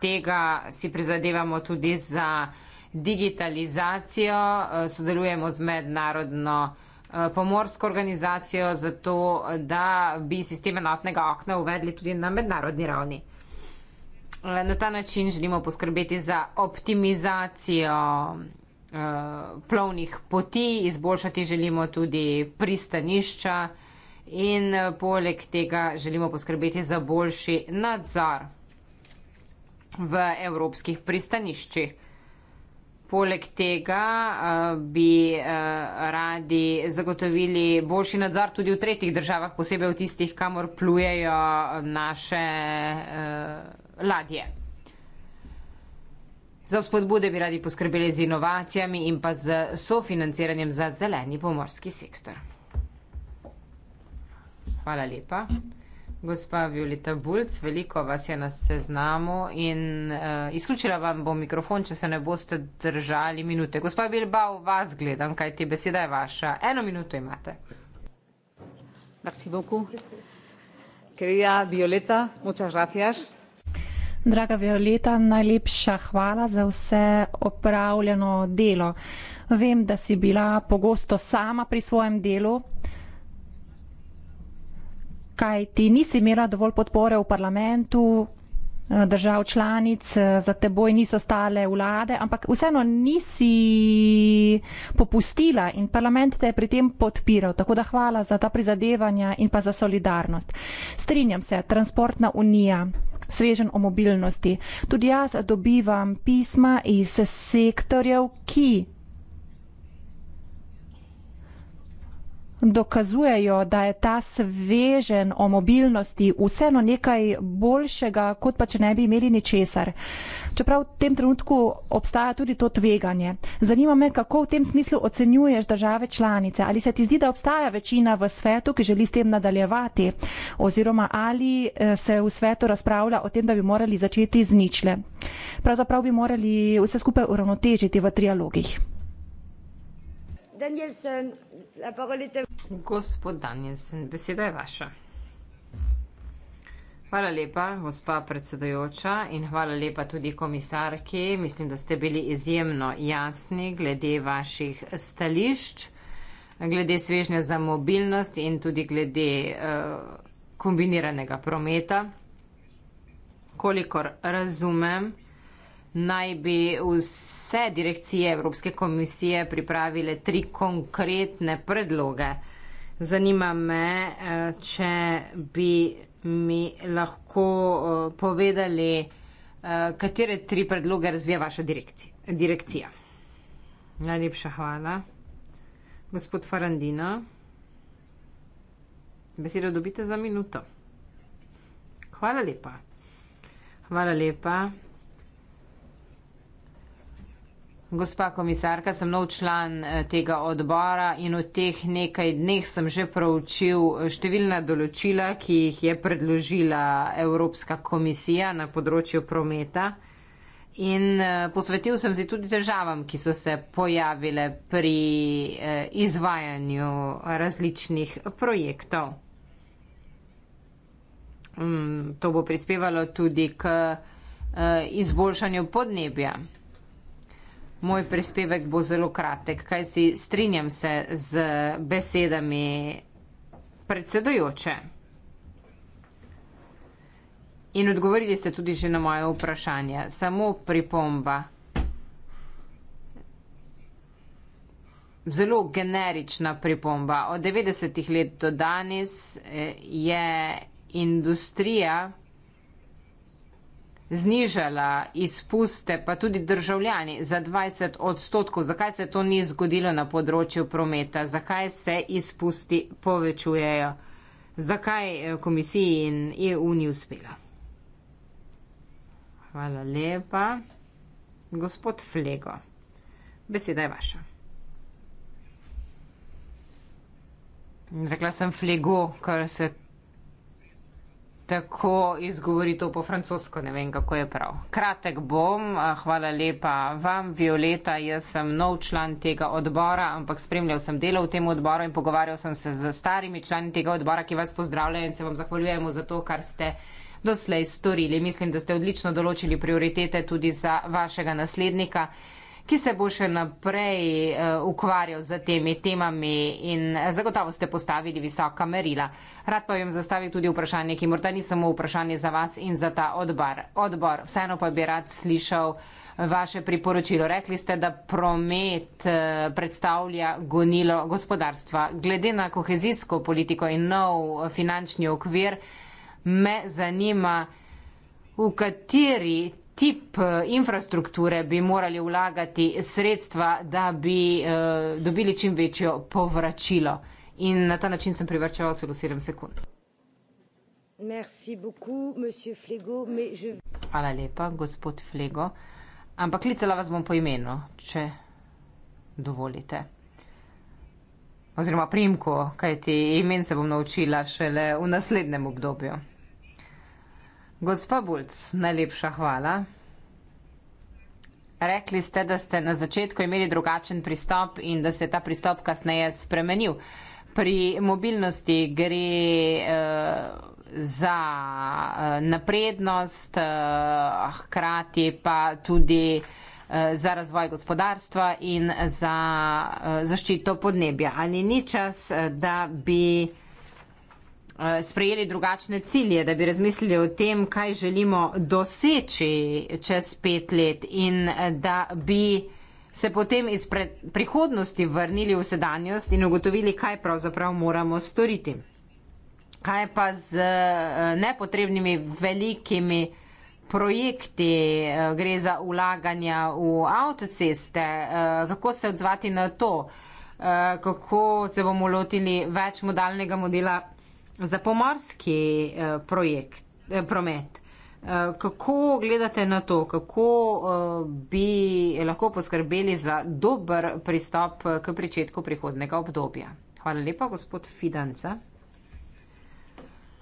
tega si prizadevamo tudi za digitalizacijo, uh, sodelujemo z mednarodno uh, pomorsko organizacijo za to, da bi sistem enotnega okna uvedli tudi na mednarodni ravni. Eh, na ta način želimo poskrbeti za optimizacijo eh, plovnih poti, izboljšati želimo tudi pristanišča in eh, poleg tega želimo poskrbeti za boljši nadzor v evropskih pristaniščih. Poleg tega bi radi zagotovili boljši nadzor tudi v tretjih državah, posebej v tistih, kamor plujejo naše državi ladje. Za spodbude bi radi poskrbeli z inovacijami in pa z sofinanciranjem za zeleni pomorski sektor. Hvala lepa. Gospa Violeta Bulc, veliko vas je na seznamu in uh, izključila vam bo mikrofon, če se ne boste držali minute. Gospa Bilbao, vas gledam, kaj ti beseda je vaša. Eno minuto imate. Merci beaucoup. Querida Violeta, muchas gracias. Draga Violeta, najlepša hvala za vse opravljeno delo. Vem, da si bila pogosto sama pri svojem delu, kaj ti nisi imela dovolj podpore v parlamentu, eh, držav članic, eh, za teboj niso stale vlade, ampak vseeno nisi popustila in parlament te je pri tem podpiral. Tako da hvala za ta prizadevanja in pa za solidarnost. Strinjam se, Transportna unija, svežen o mobilnosti. Tudi jaz dobivam pisma iz sektorjev, ki dokazujejo, da je ta svežen o mobilnosti vseeno nekaj boljšega, kot pa če ne bi imeli ničesar. Čeprav v tem trenutku obstaja tudi to tveganje. Zanima me, kako v tem smislu ocenjuješ države članice. Ali se ti zdi, da obstaja večina v svetu, ki želi s tem nadaljevati? Oziroma, ali eh, se v svetu razpravlja o tem, da bi morali začeti z ničle? Pravzaprav bi morali vse skupaj uravnotežiti v trialogih. Danielson. La parole est à vous. Gospod Danielsen, beseda je vaša. Hvala lepa, gospa predsedojoča in hvala lepa tudi komisarki. Mislim, da ste bili izjemno jasni glede vaših stališč, glede svežnja za mobilnost in tudi glede uh, kombiniranega prometa. Kolikor razumem, naj bi vse direkcije Evropske komisije pripravile tri konkretne predloge. Zanima me, eh, če bi mi lahko eh, povedali, eh, katere tri predloge razvija vaša direkcija. Najlepša hvala. Gospod Farandino, besedo dobite za minuto. Hvala lepa. Hvala lepa. Gospa komisarka, sem nov član eh, tega odbora in v teh nekaj dneh sem že proučil eh, številna določila, ki jih je predložila Evropska komisija na področju prometa. In eh, posvetil sem se tudi težavam, ki so se pojavile pri izvajanju različnih projektov. Mm, to bo prispevalo tudi k izboljšanju podnebja. Moj prispevek bo zelo kratek, kaj si strinjam se z besedami predsedojoče. In odgovorili ste tudi že na moje vprašanje. Samo pripomba. Zelo generična pripomba. Od 90-ih let do danes eh, je industrija znižala izpuste, pa tudi državljani za 20 odstotkov. Zakaj se to ni zgodilo na področju prometa? Zakaj se izpusti povečujejo? Zakaj eh, komisiji in EU ni uspela? Hvala lepa. Gospod Flego, beseda je vaša. Rekla sem Flego, kar se tako izgovori to po francosko, ne vem, kako je prav. Kratek bom, hvala lepa vam, Violeta, jaz sem nov član tega odbora, ampak spremljal sem delo v tem odboru in pogovarjal sem se z starimi člani tega odbora, ki vas pozdravljajo in se vam zahvaljujemo za to, kar ste doslej storili. Mislim, da ste odlično določili prioritete tudi za vašega naslednika ki se bo še naprej eh, ukvarjal z temi temami in zagotovo ste postavili visoka merila. Rad pa vam zastavim tudi vprašanje, ki morda ni samo vprašanje za vas in za ta odbor. odbor. Vseeno pa bi rad slišal vaše priporočilo. Rekli ste, da promet eh, predstavlja gonilo gospodarstva. Glede na kohezijsko politiko in nov finančni okvir, me zanima, v kateri tip eh, infrastrukture bi morali vlagati sredstva, da bi uh, dobili čim večjo povračilo. In na ta način sem privrčeval celo 7 sekund. Beaucoup, je... Hvala lepa, gospod Flego. Ampak klicala vas bom po imenu, če dovolite. Oziroma, primko, kaj ti imen se bom naučila šele v naslednjem obdobju. Gospa Bulc, najlepša hvala. Rekli ste, da ste na začetku imeli drugačen pristop in da se je ta pristop kasneje spremenil. Pri mobilnosti gre uh, za eh, naprednost, uh, hkrati pa tudi uh, za razvoj gospodarstva in za uh, zaščito podnebja. Ali ni čas, da bi uh, Eh, sprejeli drugačne cilje, da bi razmislili o tem, kaj želimo doseči čez pet let in eh, da bi se potem iz prihodnosti vrnili v sedanjost in ugotovili, kaj pravzaprav moramo storiti. Kaj pa z eh, nepotrebnimi velikimi projekti, gre za ulaganja v avtoceste, kako se odzvati na to, kako se bomo lotili večmodalnega modela Za pomorski eh, projekt, eh, promet, eh, kako gledate na to, kako bi lahko poskrbeli za dober pristop k pričetku prihodnega obdobja? Hvala lepa, gospod Fidanca.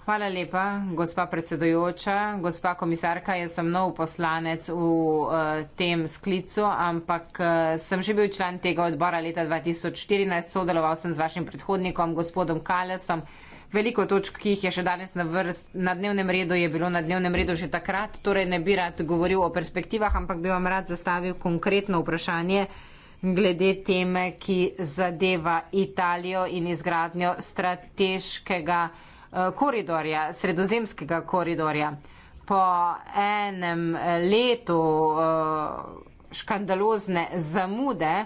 Hvala lepa, gospa predsedujoča. Gospa komisarka, jaz sem nov poslanec v eh, tem sklicu, ampak eh, sem že bil član tega odbora leta 2014, sodeloval sem z vašim predhodnikom, gospodom Kalesom. Veliko točk, ki jih je še danes na, vrst, na dnevnem redu, je bilo na dnevnem redu že takrat, torej ne bi rad govoril o perspektivah, ampak bi vam rad zastavil konkretno vprašanje glede teme, ki zadeva Italijo in izgradnjo strateškega koridorja, sredozemskega koridorja. Po enem letu eh, škandalozne zamude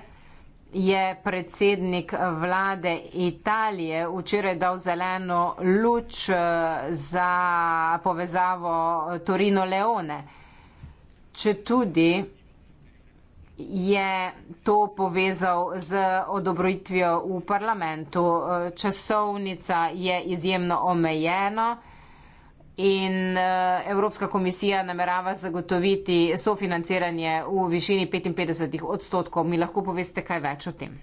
je predsednik vlade Italije včeraj dal zeleno luč eh, za povezavo Torino-Leone. Če tudi je to povezal z odobritvijo v parlamentu. Eh, časovnica je izjemno omejena in eh, Evropska komisija namerava zagotoviti sofinanciranje v višini 55 odstotkov. Mi lahko poveste kaj več o tem.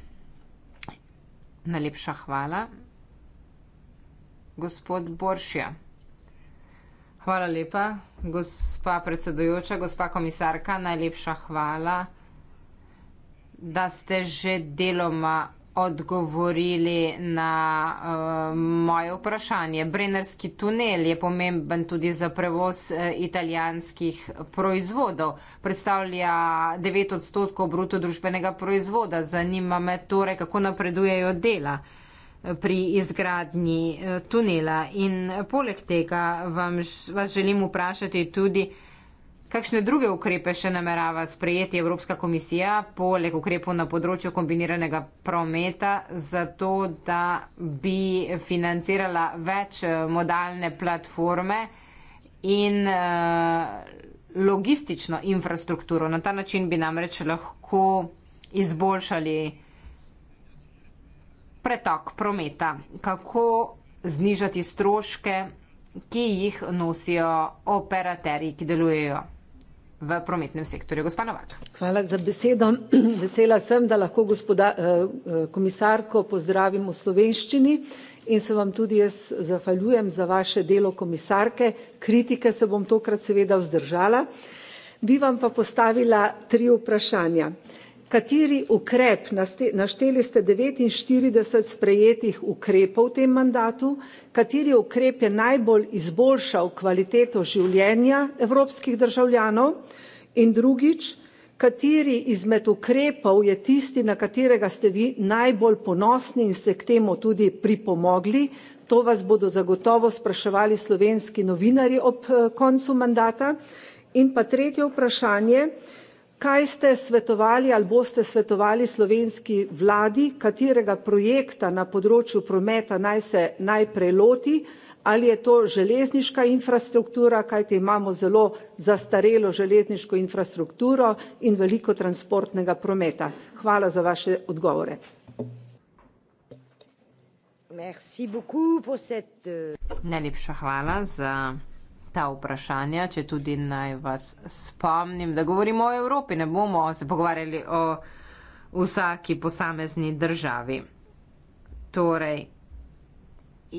Najlepša hvala. Gospod Boršja. Hvala lepa, gospa predsedujoča, gospa komisarka, najlepša hvala da ste že deloma odgovorili na uh, moje vprašanje. Brennerski tunel je pomemben tudi za prevoz eh, italijanskih proizvodov. Predstavlja 9 odstotkov bruto družbenega proizvoda. Zanima me torej, kako napredujejo dela eh, pri izgradnji tunela. In poleg tega vam, vas želim vprašati tudi, Kakšne druge ukrepe še namerava sprejeti Evropska komisija, poleg ukrepov na področju kombiniranega prometa, zato da bi financirala več eh, modalne platforme in eh, logistično infrastrukturo? Na ta način bi namreč lahko izboljšali pretok prometa. Kako znižati stroške, ki jih nosijo operaterji, ki delujejo? v prometnem sektorju. Gospa Novak. Hvala za besedo. Vesela sem, da lahko gospoda, eh, eh, komisarko pozdravim v slovenščini in se vam tudi jaz zahvaljujem za vaše delo komisarke. Kritike se bom tokrat seveda vzdržala. Bi vam pa postavila tri vprašanja kateri ukrep, našteli ste 49 sprejetih ukrepov v tem mandatu, kateri ukrep je najbolj izboljšal kvaliteto življenja evropskih državljanov in drugič, kateri izmed ukrepov je tisti, na katerega ste vi najbolj ponosni in ste k temu tudi pripomogli. To vas bodo zagotovo spraševali slovenski novinari ob eh, koncu mandata. In pa tretje vprašanje, Kaj ste svetovali ali boste svetovali slovenski vladi, katerega projekta na področju prometa naj se najprej loti? Ali je to železniška infrastruktura, kajte imamo zelo zastarelo železniško infrastrukturo in veliko transportnega prometa? Hvala za vaše odgovore. Euh, Najlepša hvala za ta vprašanja, če tudi naj vas spomnim, da govorimo o Evropi, ne bomo se pogovarjali o vsaki posamezni državi. Torej,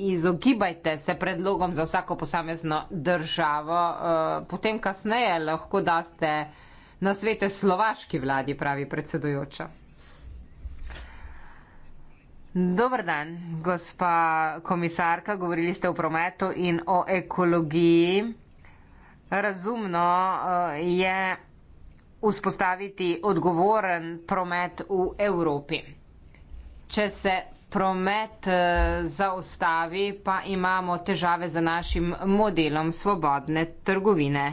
izogibajte se predlogom za vsako posamezno državo, eh, potem kasneje lahko daste na svete slovaški vladi, pravi predsedujoča. Dober dan, gospa komisarka, govorili ste o prometu in o ekologiji. Razumno eh, je vzpostaviti odgovoren promet v Evropi. Če se promet eh, zaustavi, pa imamo težave z našim modelom svobodne trgovine.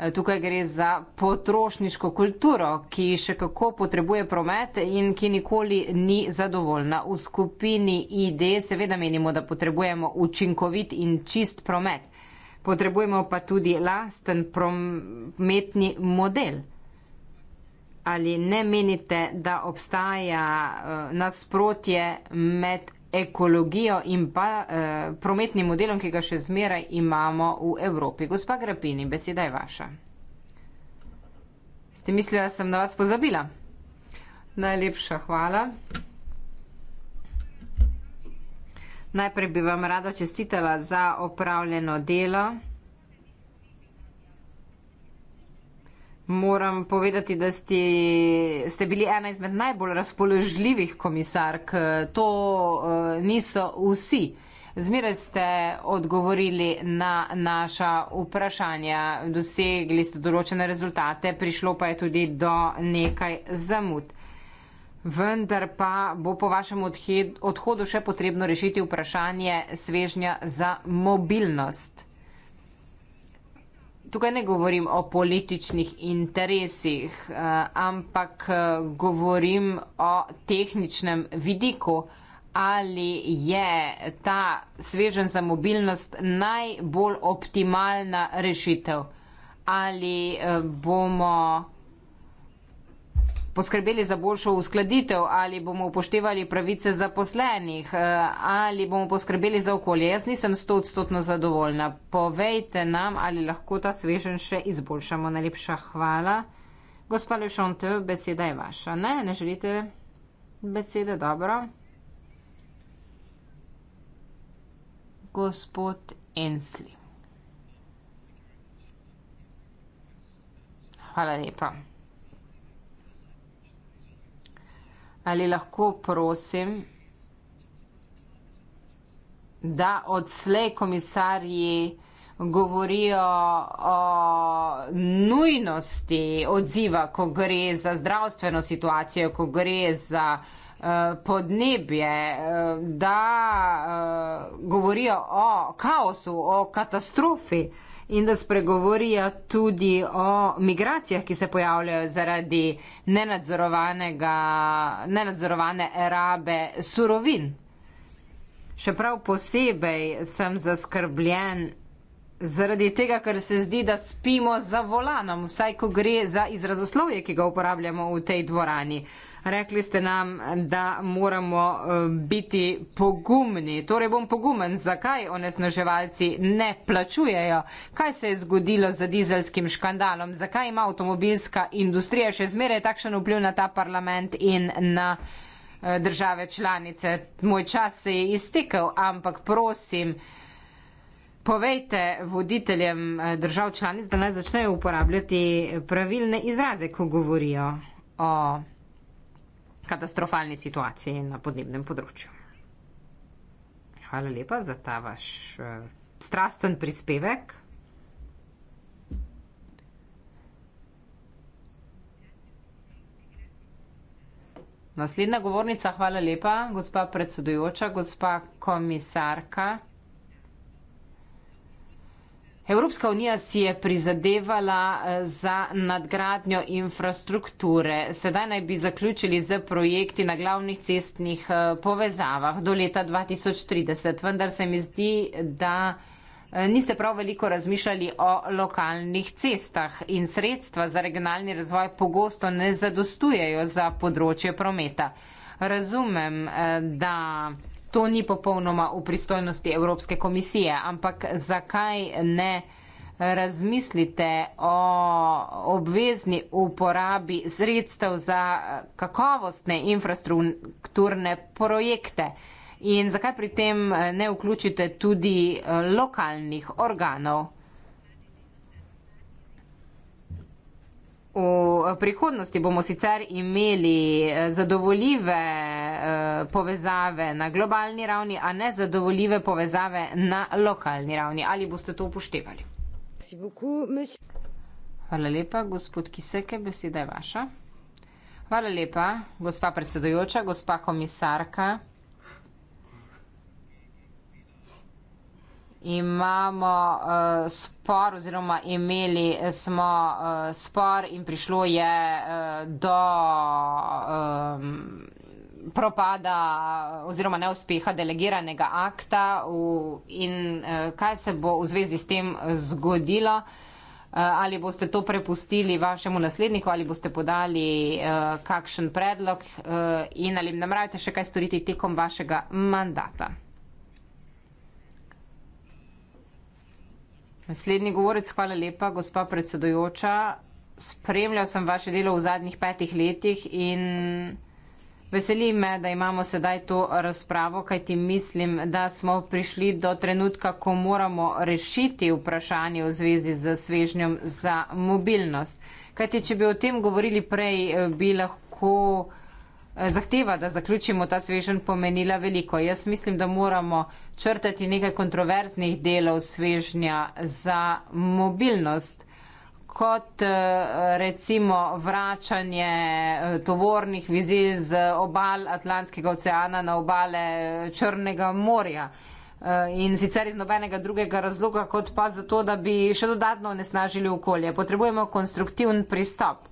Eh, tukaj gre za potrošniško kulturo, ki še kako potrebuje promet in ki nikoli ni zadovoljna. V skupini ID seveda menimo, da potrebujemo učinkovit in čist promet. Potrebujemo pa tudi lasten prometni model. Ali ne menite, da obstaja eh, nasprotje med ekologijo in pa eh, prometnim modelom, ki ga še zmeraj imamo v Evropi. Gospa Grapini, beseda je vaša. Ste mislili, da sem na vas pozabila? Najlepša hvala. Najprej bi vam rada čestitala za opravljeno delo. Moram povedati, da sti, ste bili ena izmed najbolj razpoložljivih komisark. To uh, niso vsi. Zmeraj ste odgovorili na naša vprašanja, dosegli ste določene rezultate, prišlo pa je tudi do nekaj zamud. Vendar pa bo po vašem odhodu še potrebno rešiti vprašanje svežnja za mobilnost tukaj ne govorim o političnih interesih, eh, ampak eh, govorim o tehničnem vidiku, ali je ta svežen za mobilnost najbolj optimalna rešitev. Ali eh, bomo poskrbeli za boljšo uskladitev, ali bomo upoštevali pravice zaposlenih, eh, ali bomo poskrbeli za okolje. Jaz nisem stotstotno zadovoljna. Povejte nam, ali lahko ta svežen še izboljšamo. Najlepša hvala. Gospa Lešonte, beseda je vaša. Ne, ne želite besede, dobro. Gospod Ensli. Hvala lepa. Ali lahko prosim, da odslej komisarji govorijo o nujnosti odziva, ko gre za zdravstveno situacijo, ko gre za eh, podnebje, eh, da eh, govorijo o kaosu, o katastrofi, in da spregovorijo tudi o migracijah, ki se pojavljajo zaradi nenadzorovane rabe surovin. Še prav posebej sem zaskrbljen zaradi tega, ker se zdi, da spimo za volanom, vsaj ko gre za izrazoslovje, ki ga uporabljamo v tej dvorani. Rekli ste nam, da moramo eh, biti pogumni. Torej bom pogumen, zakaj onesnaževalci ne plačujejo? Kaj se je zgodilo z dizelskim škandalom? Zakaj ima avtomobilska industrija še zmeraj takšen vpliv na ta parlament in na eh, države članice? Moj čas se je iztekel, ampak prosim, povejte voditeljem eh, držav članic, da naj začnejo uporabljati pravilne izraze, ko govorijo o katastrofalni situaciji na podnebnem področju. Hvala lepa za ta vaš uh, strasten prispevek. Naslednja govornica, hvala lepa, gospa predsedujoča, gospa komisarka. Evropska unija si je prizadevala eh, za nadgradnjo infrastrukture. Sedaj naj bi zaključili z projekti na glavnih cestnih eh, povezavah do leta 2030. Vendar se mi zdi, da eh, niste prav veliko razmišljali o lokalnih cestah in sredstva za regionalni razvoj pogosto ne zadostujejo za področje prometa. Razumem, da to ni popolnoma v pristojnosti Evropske komisije, ampak zakaj ne razmislite o obvezni uporabi sredstev za kakovostne infrastrukturne projekte in zakaj pri tem ne vključite tudi eh, lokalnih organov? V prihodnosti bomo sicer imeli eh, zadovoljive eh, povezave na globalni ravni, a ne zadovoljive povezave na lokalni ravni. Ali boste to upoštevali? Hvala lepa, gospod Kiseke, beseda je vaša. Hvala lepa, gospa predsedojoča, gospa komisarka. imamo uh, spor oziroma imeli smo uh, spor in prišlo je uh, do um, propada oziroma neuspeha delegiranega akta v, in uh, kaj se bo v zvezi s tem zgodilo. Ali boste to prepustili vašemu nasledniku, ali boste podali uh, kakšen predlog uh, in ali namravite še kaj storiti tekom vašega mandata? Naslednji govorec, hvala lepa, gospa predsedujoča. Spremljal sem vaše delo v zadnjih petih letih in veseli me, da imamo sedaj to razpravo, kajti mislim, da smo prišli do trenutka, ko moramo rešiti vprašanje v zvezi z svežnjem za mobilnost. Kajti, če bi o tem govorili prej, eh, bi lahko zahteva, da zaključimo ta svežen, pomenila veliko. Jaz mislim, da moramo črtati nekaj kontroverznih delov svežnja za mobilnost, kot eh, recimo vračanje eh, tovornih vizil z obal Atlantskega oceana na obale eh, Črnega morja. In sicer iz nobenega drugega razloga, kot pa zato, da bi še dodatno onesnažili okolje. Potrebujemo konstruktivn pristop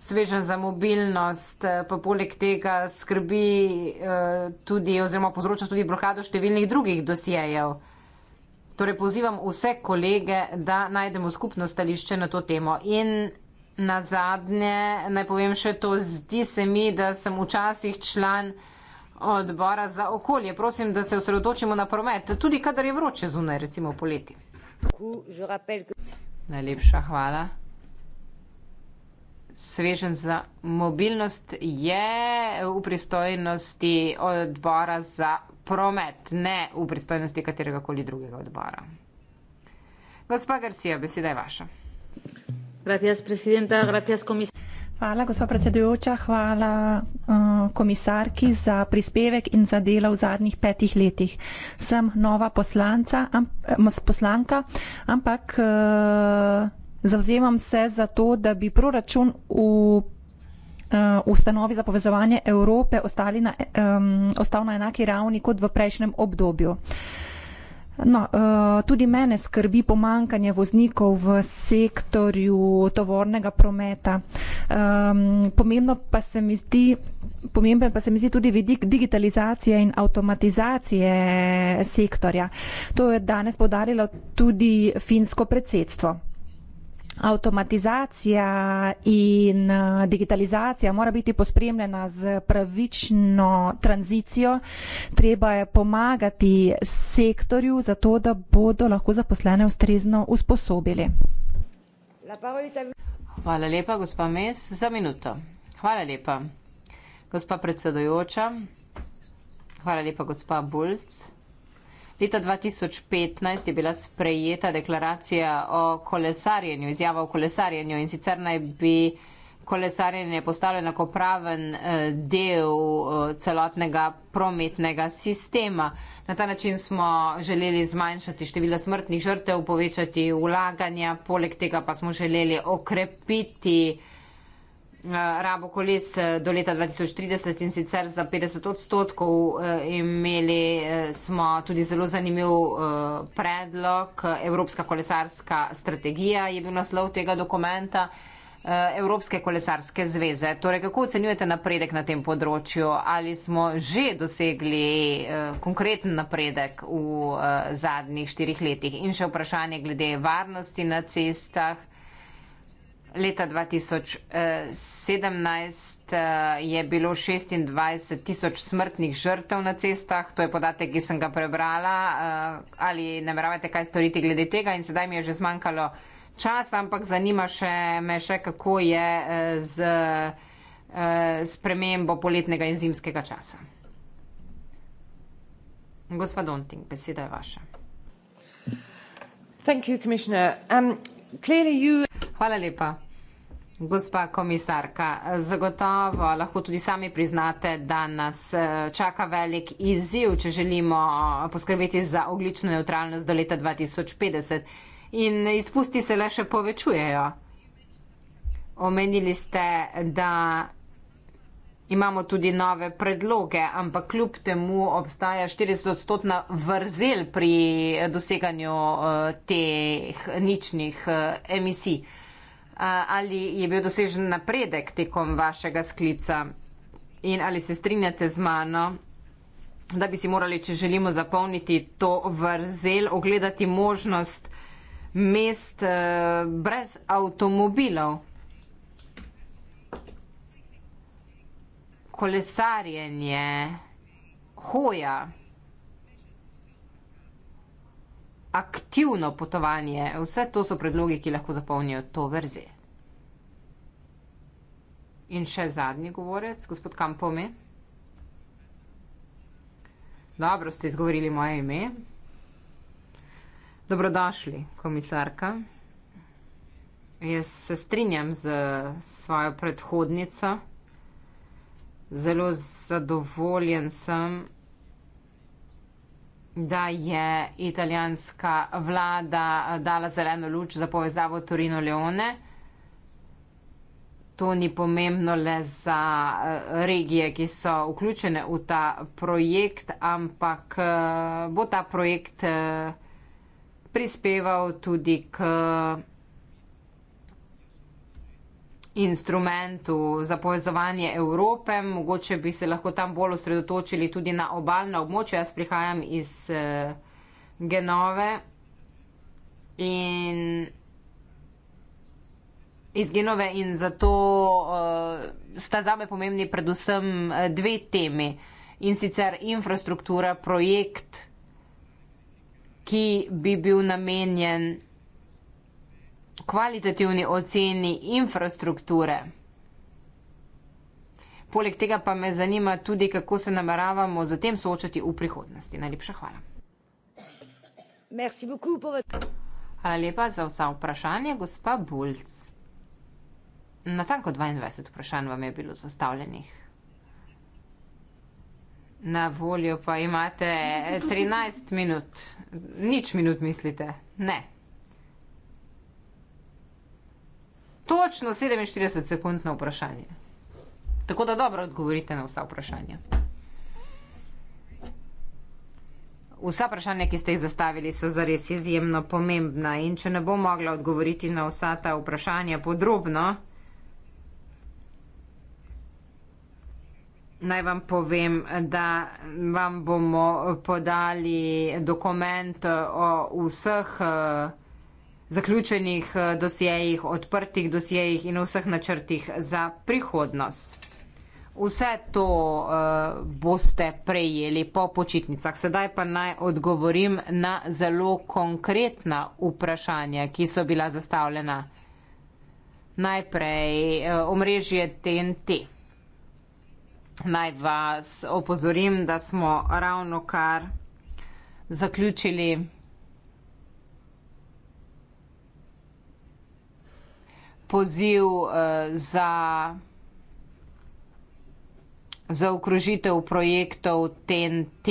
svežen za mobilnost, eh, pa poleg tega skrbi eh, tudi oziroma povzroča tudi blokado številnih drugih dosijejev. Torej pozivam vse kolege, da najdemo skupno stališče na to temo. In na zadnje, naj povem še to, zdi se mi, da sem včasih član odbora za okolje. Prosim, da se osredotočimo na promet, tudi kadar je vroče zunaj, recimo poleti. Najlepša hvala. Svežen za mobilnost je v pristojnosti odbora za promet, ne v pristojnosti katerega koli drugega odbora. Gospa Garcia, beseda je vaša. Hvala, gospod predsedujoča, hvala uh, komisarki za prispevek in za delo v zadnjih petih letih. Sem nova poslanca, am, eh, poslanka, ampak. Uh, Zavzemam se za to, da bi proračun v eh, ustanovi za povezovanje Evrope ostali na, um, ostal na enaki ravni kot v prejšnjem obdobju. No, eh, tudi mene skrbi pomankanje voznikov v sektorju tovornega prometa. Pomembno pa se mi zdi, pomemben pa se mi zdi tudi vidik digitalizacije in avtomatizacije sektorja. To je danes podarilo tudi finsko predsedstvo. Avtomatizacija in eh, digitalizacija mora biti pospremljena z pravično tranzicijo. Treba je pomagati sektorju za to, da bodo lahko zaposlene ustrezno usposobili. Hvala lepa, gospa Mes, za minuto. Hvala lepa, gospa predsedojoča. Hvala lepa, gospa Bulc. Leta 2015 je bila sprejeta deklaracija o kolesarjenju, izjava o kolesarjenju in sicer naj bi kolesarjenje postalo enakopraven eh, del eh, celotnega prometnega sistema. Na ta način smo želeli zmanjšati število smrtnih žrtev, povečati ulaganja, poleg tega pa smo želeli okrepiti Eh, rabo koles eh, do leta 2030 in sicer za 50 odstotkov. Eh, imeli smo tudi zelo zanimiv predlog, Evropska kolesarska strategija je bil naslov tega dokumenta Evropske kolesarske zveze. Torej, kako ocenjujete napredek na tem področju? Ali smo že dosegli konkreten napredek v zadnjih štirih letih? In še vprašanje glede varnosti na cestah. Leta 2017 eh, eh, je bilo 26 tisoč smrtnih žrtev na cestah, to je podatek, ki sem ga prebrala. Eh, ali nameravate kaj storiti glede tega? In sedaj mi je že zmanjkalo časa, ampak zanima še me še, kako je z spremembo poletnega in zimskega časa. Gospod Donting, beseda je vaša. Hvala, komisar. Hvala lepa. Gospa komisarka, zagotovo lahko tudi sami priznate, da nas eh, čaka velik izziv, če želimo eh, poskrbeti za oglično neutralnost do leta 2050. In izpusti se le še povečujejo. Omenili ste, da imamo tudi nove predloge, ampak kljub temu obstaja 40-odstotna vrzel pri eh, doseganju teh ničnih emisij ali je bil dosežen napredek tekom vašega sklica in ali se strinjate z mano, da bi si morali, če želimo zapolniti to vrzel, ogledati možnost mest e, brez avtomobilov. Kolesarjenje, hoja, aktivno potovanje, vse to so predlogi, ki lahko zapolnijo to vrzel. In še zadnji govorec, gospod Kampomi. Dobro ste izgovorili moje ime. Dobrodošli, komisarka. Jaz se strinjam z svojo predhodnico. Zelo zadovoljen sem, da je italijanska vlada eh, dala zeleno luč za povezavo Torino-Leone to ni pomembno le za eh, regije, ki so vključene v ta projekt, ampak eh, bo ta projekt eh, prispeval tudi k instrumentu za povezovanje Evrope. Mogoče bi se lahko tam bolj osredotočili tudi na obaljna območja. Jaz prihajam iz Genove in Iz Genove in zato uh, sta zame pomembni predvsem eh, dve temi in sicer infrastruktura, projekt, ki bi bil namenjen kvalitativni oceni infrastrukture. Poleg tega pa me zanima tudi, kako se nameravamo z tem soočati v prihodnosti. Najlepša hvala. Hvala lepa za vsa vprašanja, gospa Bulc. Natanko 22 vprašanj vam je bilo zastavljenih. Na voljo pa imate 13 minut, nič minut mislite, ne. Točno 47 sekund na vprašanje. Tako da dobro odgovorite na vsa vprašanja. Vsa vprašanja, ki ste jih zastavili, so zares izjemno pomembna in če ne bom mogla odgovoriti na vsa ta vprašanja podrobno, Naj vam povem, da vam bomo podali dokument o vseh eh, zaključenih eh, dosjejih, odprtih dosjejih in vseh načrtih za prihodnost. Vse to eh, boste prejeli po počitnicah. Sedaj pa naj odgovorim na zelo konkretna vprašanja, ki so bila zastavljena najprej omrežje TNT. Naj vas opozorim, da smo ravno kar zaključili poziv eh, za zaokrožitev projektov TNT.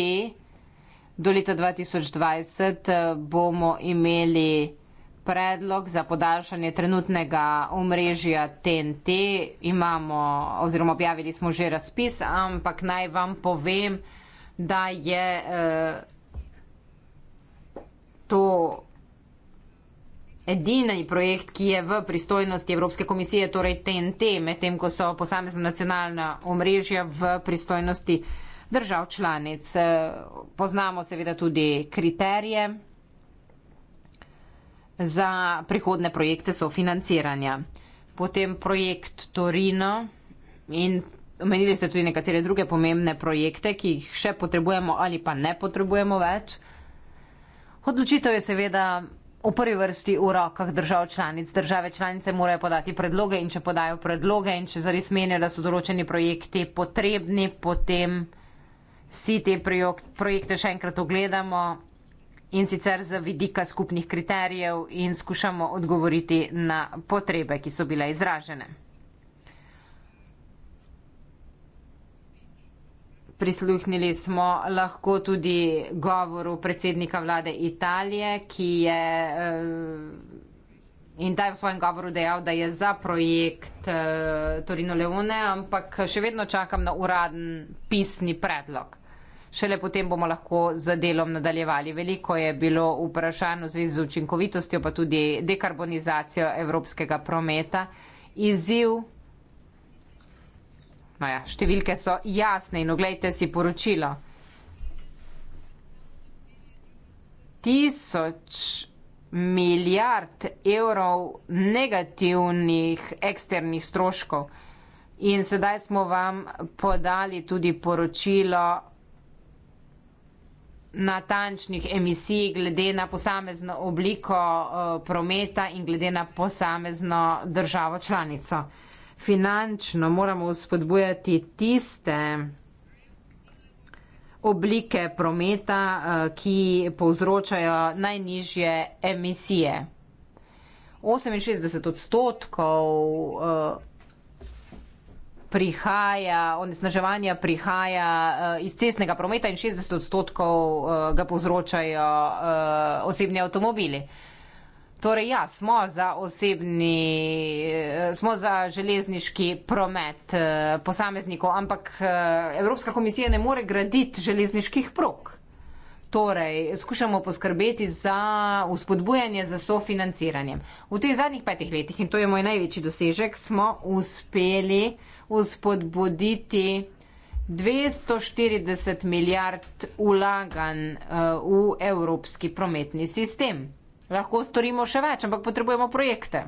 Do leta 2020 eh, bomo imeli predlog za podaljšanje trenutnega omrežja TNT. Imamo, oziroma objavili smo že razpis, ampak naj vam povem, da je eh, to. Edini projekt, ki je v pristojnosti Evropske komisije, torej TNT, medtem ko so posamezna nacionalna omrežja v pristojnosti držav članic. Eh, poznamo seveda tudi kriterije za prihodne projekte sofinanciranja. Potem projekt Torino in omenili ste tudi nekatere druge pomembne projekte, ki jih še potrebujemo ali pa ne potrebujemo več. Odločitev je seveda v prvi vrsti v rokah držav članic. Države članice morajo podati predloge in če podajo predloge in če zares menijo, da so določeni projekti potrebni, potem si te projekte še enkrat ogledamo in sicer z vidika skupnih kriterijev in skušamo odgovoriti na potrebe, ki so bile izražene. Prisluhnili smo lahko tudi govoru predsednika vlade Italije, ki je eh, in da je v svojem govoru dejal, da je za projekt eh, Torino Leone, ampak še vedno čakam na uraden pisni predlog šele potem bomo lahko z delom nadaljevali. Veliko je bilo vprašanj v zvezi z učinkovitostjo, pa tudi dekarbonizacijo evropskega prometa. Izziv. No ja, številke so jasne in oglejte si poročilo. 1000 milijard evrov negativnih eksternih stroškov. In sedaj smo vam podali tudi poročilo natančnih emisij glede na posamezno obliko eh, prometa in glede na posamezno državo članico. Finančno moramo spodbujati tiste oblike prometa, eh, ki povzročajo najnižje emisije. 68 odstotkov eh, prihaja, onesnaževanja prihaja eh, iz cestnega prometa in 60 odstotkov eh, ga povzročajo eh, osebni avtomobili. Torej, ja, smo za osebni, smo za železniški promet posameznikov, ampak Evropska komisija ne more graditi železniških prog. Torej, skušamo poskrbeti za uspodbujanje za sofinanciranje. V teh zadnjih petih letih, in to je moj največji dosežek, smo uspeli uspodbuditi 240 milijard ulagan eh, v evropski prometni sistem. Lahko storimo še več, ampak potrebujemo projekte.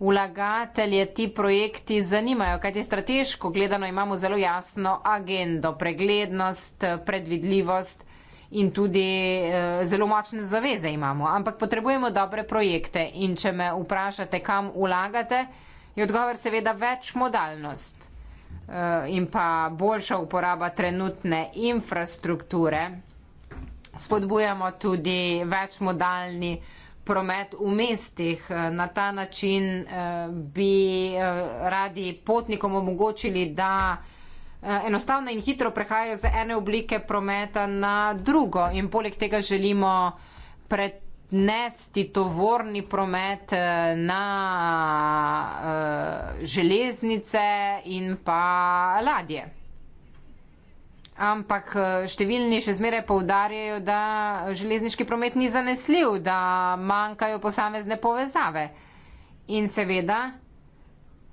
Vlagatelje ti projekti zanimajo, kajti strateško gledano imamo zelo jasno agendo, preglednost, predvidljivost, in tudi uh, zelo močne zaveze imamo, ampak potrebujemo dobre projekte in če me vprašate, kam ulagate, je odgovor seveda več modalnost uh, eh, in pa boljša uporaba trenutne infrastrukture. Spodbujamo tudi več modalni promet v mestih. Eh, na ta način uh, bi uh, radi potnikom omogočili, da uh, Eh, enostavno in hitro prehajajo z ene oblike prometa na drugo in poleg tega želimo pred Nesti tovorni promet eh, na uh, železnice in pa ladje. Ampak številni še zmeraj poudarjajo, da železniški promet ni zanesljiv, da manjkajo posamezne povezave. In seveda,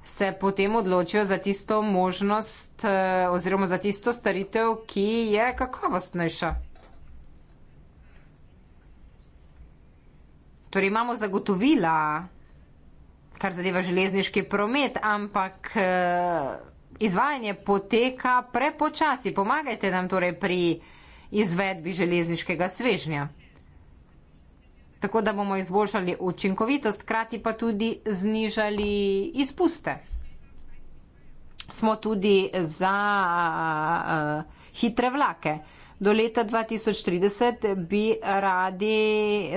se potem odločijo za tisto možnost eh, oziroma za tisto staritev, ki je kakovostnejša. Torej imamo zagotovila, kar zadeva železniški promet, ampak eh, izvajanje poteka prepočasi. Pomagajte nam torej pri izvedbi železniškega svežnja tako da bomo izboljšali učinkovitost, krati pa tudi znižali izpuste. Smo tudi za hitre vlake. Do leta 2030 bi radi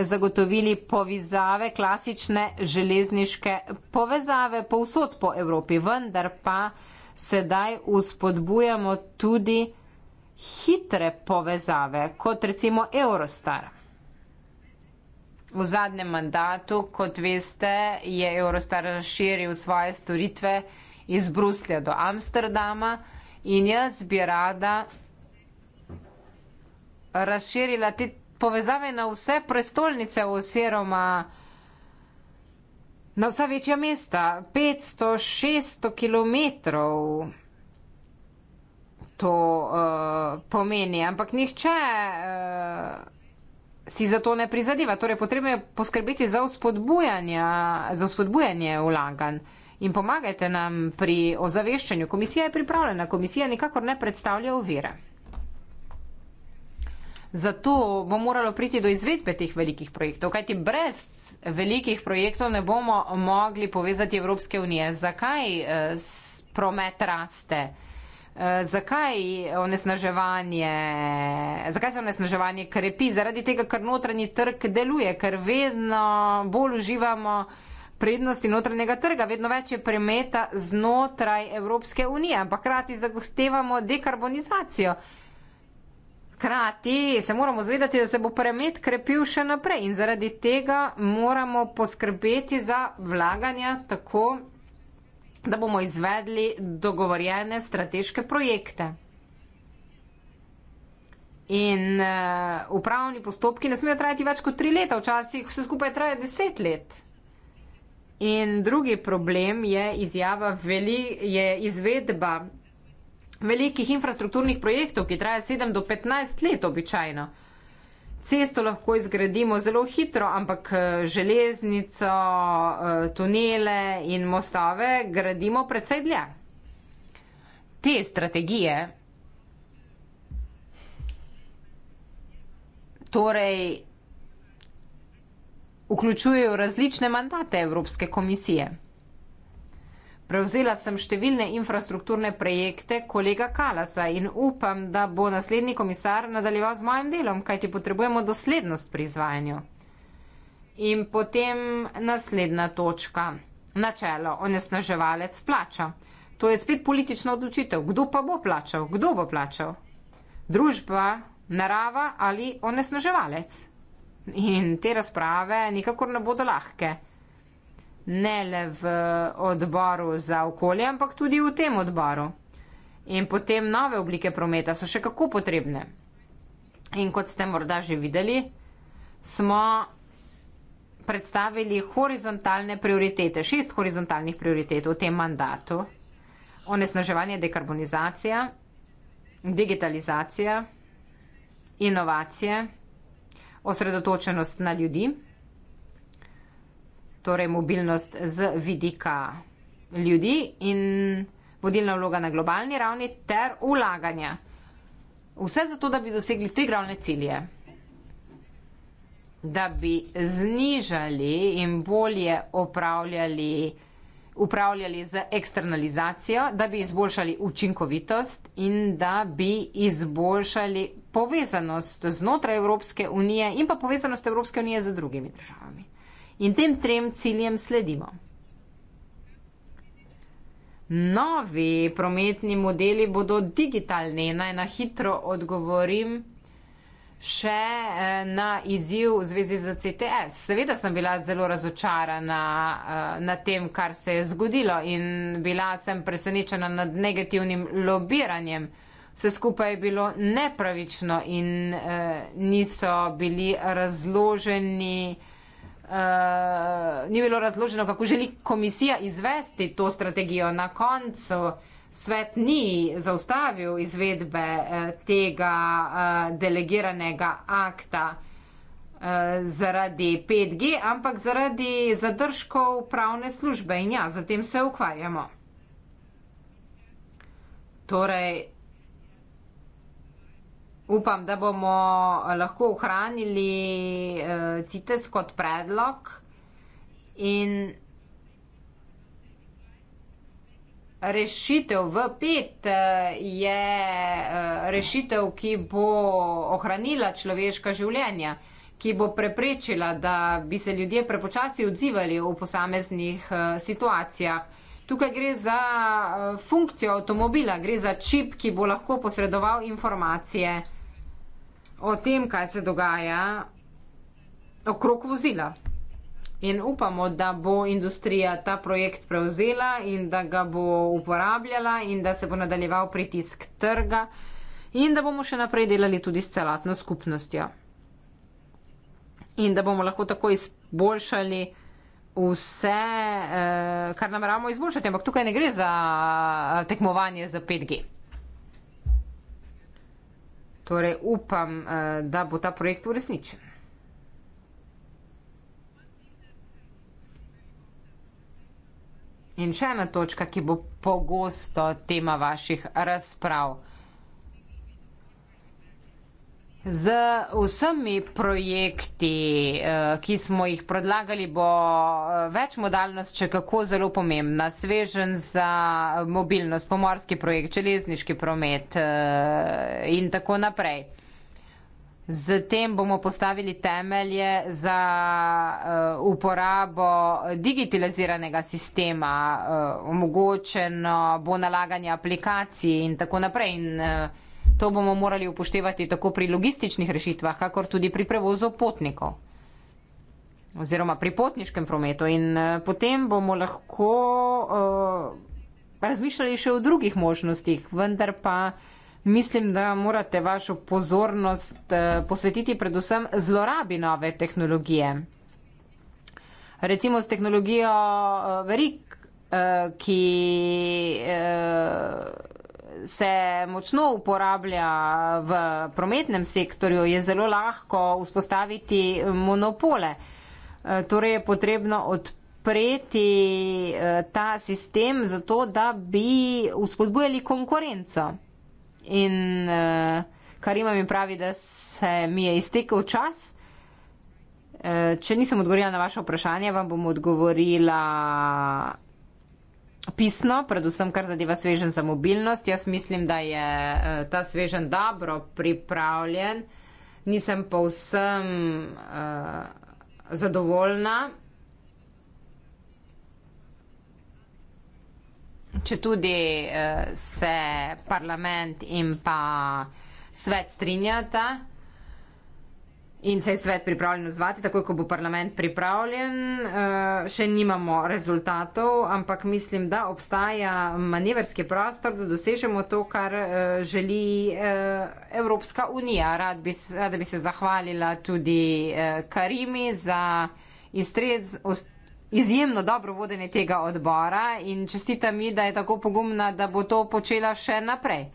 zagotovili povizave, klasične železniške povezave povsod po Evropi, vendar pa sedaj uspodbujamo tudi hitre povezave, kot recimo Eurostar. V zadnjem mandatu, kot veste, je Eurostar razširil svoje storitve iz Bruslja do Amsterdama in jaz bi rada razširila te povezave na vse prestolnice oziroma na vsa večja mesta, 500-600 kilometrov. To uh, pomeni, ampak nihče. Uh, si za to ne prizadeva. Torej, potrebno je poskrbeti za, za vzpodbujanje vlaganj. In pomagajte nam pri ozaveščanju. Komisija je pripravljena, komisija nikakor ne predstavlja ovire. Zato bo moralo priti do izvedbe teh velikih projektov, kajti brez velikih projektov ne bomo mogli povezati Evropske unije. Zakaj eh, promet raste? Eh, zakaj onesnaževanje, zakaj se onesnaževanje krepi? Zaradi tega, ker notranji trg deluje, ker vedno bolj uživamo prednosti notranjega trga, vedno več je premeta znotraj Evropske unije, ampak krati zahtevamo dekarbonizacijo. Krati se moramo zvedati, da se bo premet krepil še naprej in zaradi tega moramo poskrbeti za vlaganja tako da bomo izvedli dogovorjene strateške projekte. In uh, upravni postopki ne smejo trajati več kot tri leta, včasih vse skupaj traja deset let. In drugi problem je, veli, je izvedba velikih infrastrukturnih projektov, ki traja sedem do petnajst let običajno. Uh, Cesto lahko izgradimo zelo hitro, ampak eh, železnico, eh, tunele in mostove gradimo predvsej dlje. Te strategije, torej, vključujejo različne mandate Evropske komisije. Prevzela sem številne infrastrukturne projekte kolega Kalasa in upam, da bo naslednji komisar nadaljeval z mojim delom, kajti potrebujemo doslednost pri izvajanju. In potem naslednja točka. Načelo, onesnaževalec plača. To je spet politična odločitev. Kdo pa bo plačal? Kdo bo plačal? Družba, narava ali onesnaževalec? In te razprave nikakor ne bodo lahke ne le v odboru za okolje, ampak tudi v tem odboru. In potem nove oblike prometa so še kako potrebne. In kot ste morda že videli, smo predstavili horizontalne prioritete, šest horizontalnih prioritet v tem mandatu. Onesnaževanje, dekarbonizacija, digitalizacija, inovacije, osredotočenost na ljudi torej mobilnost z vidika ljudi in vodilna vloga na globalni ravni ter ulaganja. Vse zato, da bi dosegli tri glavne cilje. Da bi znižali in bolje upravljali, upravljali z eksternalizacijo, da bi izboljšali učinkovitost in da bi izboljšali povezanost znotraj Evropske unije in pa povezanost Evropske unije z drugimi državami in tem trem ciljem sledimo. Novi prometni modeli bodo digitalni. Naj na hitro odgovorim še eh, na izziv v zvezi z CTS. Seveda sem bila zelo razočarana eh, na tem, kar se je zgodilo in bila sem presenečena nad negativnim lobiranjem. Vse skupaj je bilo nepravično in eh, niso bili razloženi. Eh, ni bilo razloženo, kako želi komisija izvesti to strategijo. Na koncu svet ni zaustavil izvedbe eh, tega eh, delegiranega akta zaradi 5G, ampak zaradi zadržkov pravne službe in ja, zatem se ukvarjamo. Torej, Upam, da bomo eh, lahko ohranili uh, CITES kot predlog in rešitev V5 eh, je rešitev, ki bo ohranila človeška življenja, ki bo preprečila, da bi se ljudje prepočasi odzivali v posameznih uh, situacijah. Tukaj gre za funkcijo avtomobila, gre za čip, ki bo lahko posredoval informacije o tem, kaj se dogaja okrog vozila. In upamo, da bo industrija ta projekt prevzela in da ga bo uporabljala in da se bo nadaljeval pritisk trga in da bomo še naprej delali tudi s celotno skupnostjo. In da bomo lahko tako izboljšali vse, eh, kar nameravamo izboljšati. Ampak tukaj ne gre za eh, tekmovanje za 5G. Torej upam, eh, da bo ta projekt uresničen. In še ena točka, ki bo pogosto tema vaših razprav. Z vsemi projekti, eh, ki smo jih predlagali, bo eh, več modalnost, če kako zelo pomembna, svežen za mobilnost, pomorski projekt, železniški promet eh, in tako naprej. Zatem bomo postavili temelje za uporabo digitaliziranega sistema, omogočeno bo nalaganje aplikacij in tako naprej. In, To bomo morali upoštevati tako pri logističnih rešitvah, kakor tudi pri prevozu potnikov oziroma pri potniškem prometu in eh, potem bomo lahko uh, razmišljali še o drugih možnostih, vendar pa mislim, da morate vašo pozornost uh, posvetiti predvsem zlorabi nove tehnologije. Recimo s tehnologijo uh, verik, uh, ki. Uh, se močno uporablja v prometnem sektorju, je zelo lahko vzpostaviti monopole. E, torej je potrebno odpreti e, ta sistem zato, da bi vzpodbujali konkurenco. In e, Karima mi pravi, da se mi je iztekel čas. Če nisem odgovorila na vaše vprašanje, vam bom odgovorila pisno, predvsem kar zadeva svežen za mobilnost. Jaz mislim, da je eh, ta svežen dobro pripravljen, nisem pa vsem uh, eh, zadovoljna. Če tudi uh, eh, se parlament in pa svet strinjata, uh, In se je svet pripravljen odzvati, tako kot bo parlament pripravljen. Eh, še nimamo rezultatov, ampak mislim, da obstaja manevrski prostor, da dosežemo to, kar eh, želi eh, Evropska unija. Rada bi, rad bi se zahvalila tudi Karimi za iztrez, izjemno dobro vodenje tega odbora in čestita mi, da je tako pogumna, da bo to počela še naprej.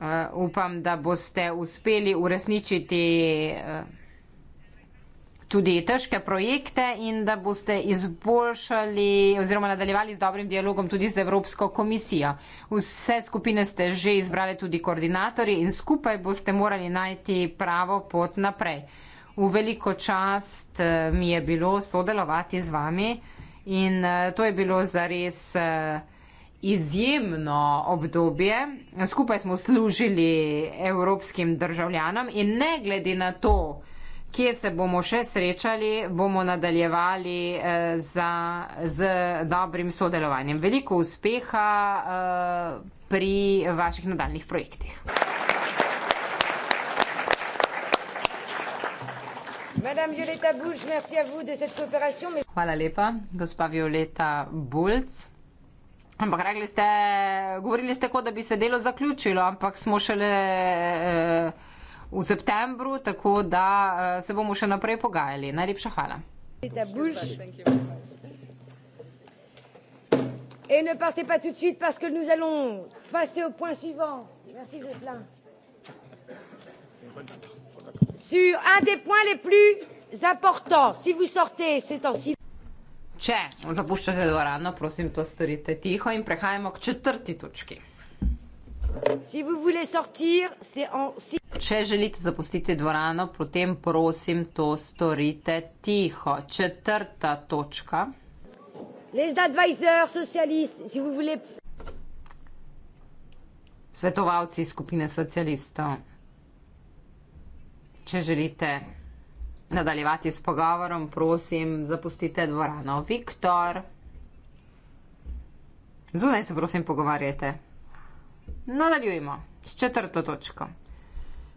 uh, upam, da boste uspeli uresničiti uh, tudi težke projekte in da boste izboljšali oziroma nadaljevali z dobrim dialogom tudi z Evropsko komisijo. Vse skupine ste že izbrali tudi koordinatorji in skupaj boste morali najti pravo pot naprej. V veliko čast uh, mi je bilo sodelovati z vami in uh, to je bilo zares. Uh, izjemno obdobje, skupaj smo služili evropskim državljanom in ne glede na to, kje se bomo še srečali, bomo nadaljevali eh, za, z dobrim sodelovanjem. Veliko uspeha eh, pri vaših nadaljnih projektih. Hvala lepa, gospa Violeta Bulc. Ampak rekli ste, govorili ste, kot da bi se delo zaključilo, ampak smo šele eh, v septembru, tako da eh, se bomo še naprej pogajali. Najlepša hvala. Et ne partez pas tout de suite parce que nous allons passer au point suivant. Merci, Gauthier. Sur un des points les plus importants, si vous sortez, c'est en silence. Če zapuščate dvorano, prosim, to storite tiho in prehajamo k četrti točki. Če želite zapustiti dvorano, potem prosim, to storite tiho. Četrta točka. Les advisors socialistes, si vous voulez. Svetovalci skupine socialistov. Če želite nadaljevati s pogovorom, prosim, zapustite dvorano. Viktor, zunaj se prosim pogovarjajte. Nadaljujemo s četrto točko.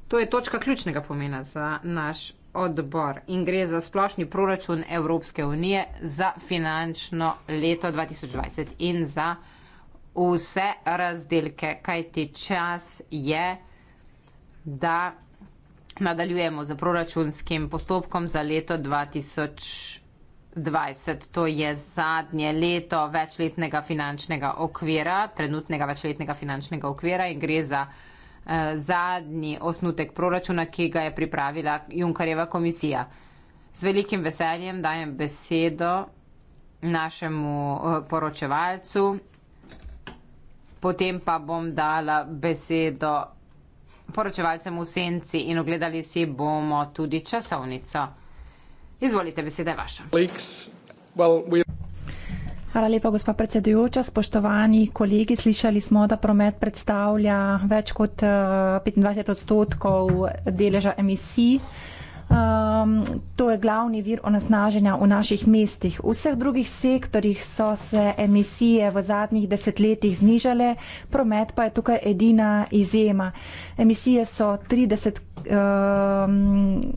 To je točka ključnega pomena za naš odbor in gre za splošni proračun Evropske unije za finančno leto 2020 in za vse razdelke, kajti čas je, da Nadaljujemo z proračunskim postopkom za leto 2020. To je zadnje leto večletnega finančnega okvira, trenutnega večletnega finančnega okvira in gre za eh, zadnji osnutek proračuna, ki ga je pripravila Junkareva komisija. Z velikim veseljem dajem besedo našemu eh, poročevalcu, potem pa bom dala besedo poročevalcem v senci in ogledali si bomo tudi časovnico. Izvolite, beseda je vaša. Hvala lepa, gospa predsedujoča. Spoštovani kolegi, slišali smo, da promet predstavlja več kot 25 eh, odstotkov deleža emisij. Um, to je glavni vir onesnaženja v naših mestih. V vseh drugih sektorjih so se emisije v zadnjih desetletjih znižale, promet pa je tukaj edina izjema. Emisije so 30. Um,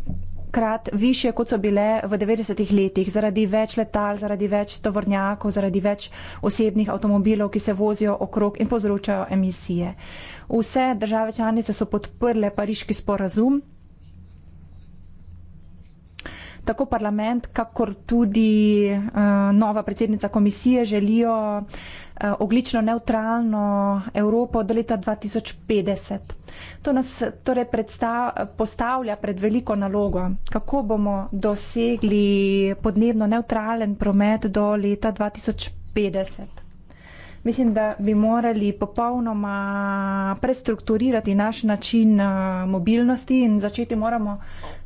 krat više, kot so bile v 90-ih letih, zaradi več letal, zaradi več tovornjakov, zaradi več osebnih avtomobilov, ki se vozijo okrog in povzročajo emisije. Vse države članice so podprle pariški sporazum tako parlament, kakor tudi uh, nova predsednica komisije želijo uh, oglično neutralno Evropo do leta 2050. To nas torej predstav, postavlja pred veliko nalogo, kako bomo dosegli podnebno neutralen promet do leta 2050. Mislim, da bi morali popolnoma prestrukturirati naš način eh, mobilnosti in začeti moramo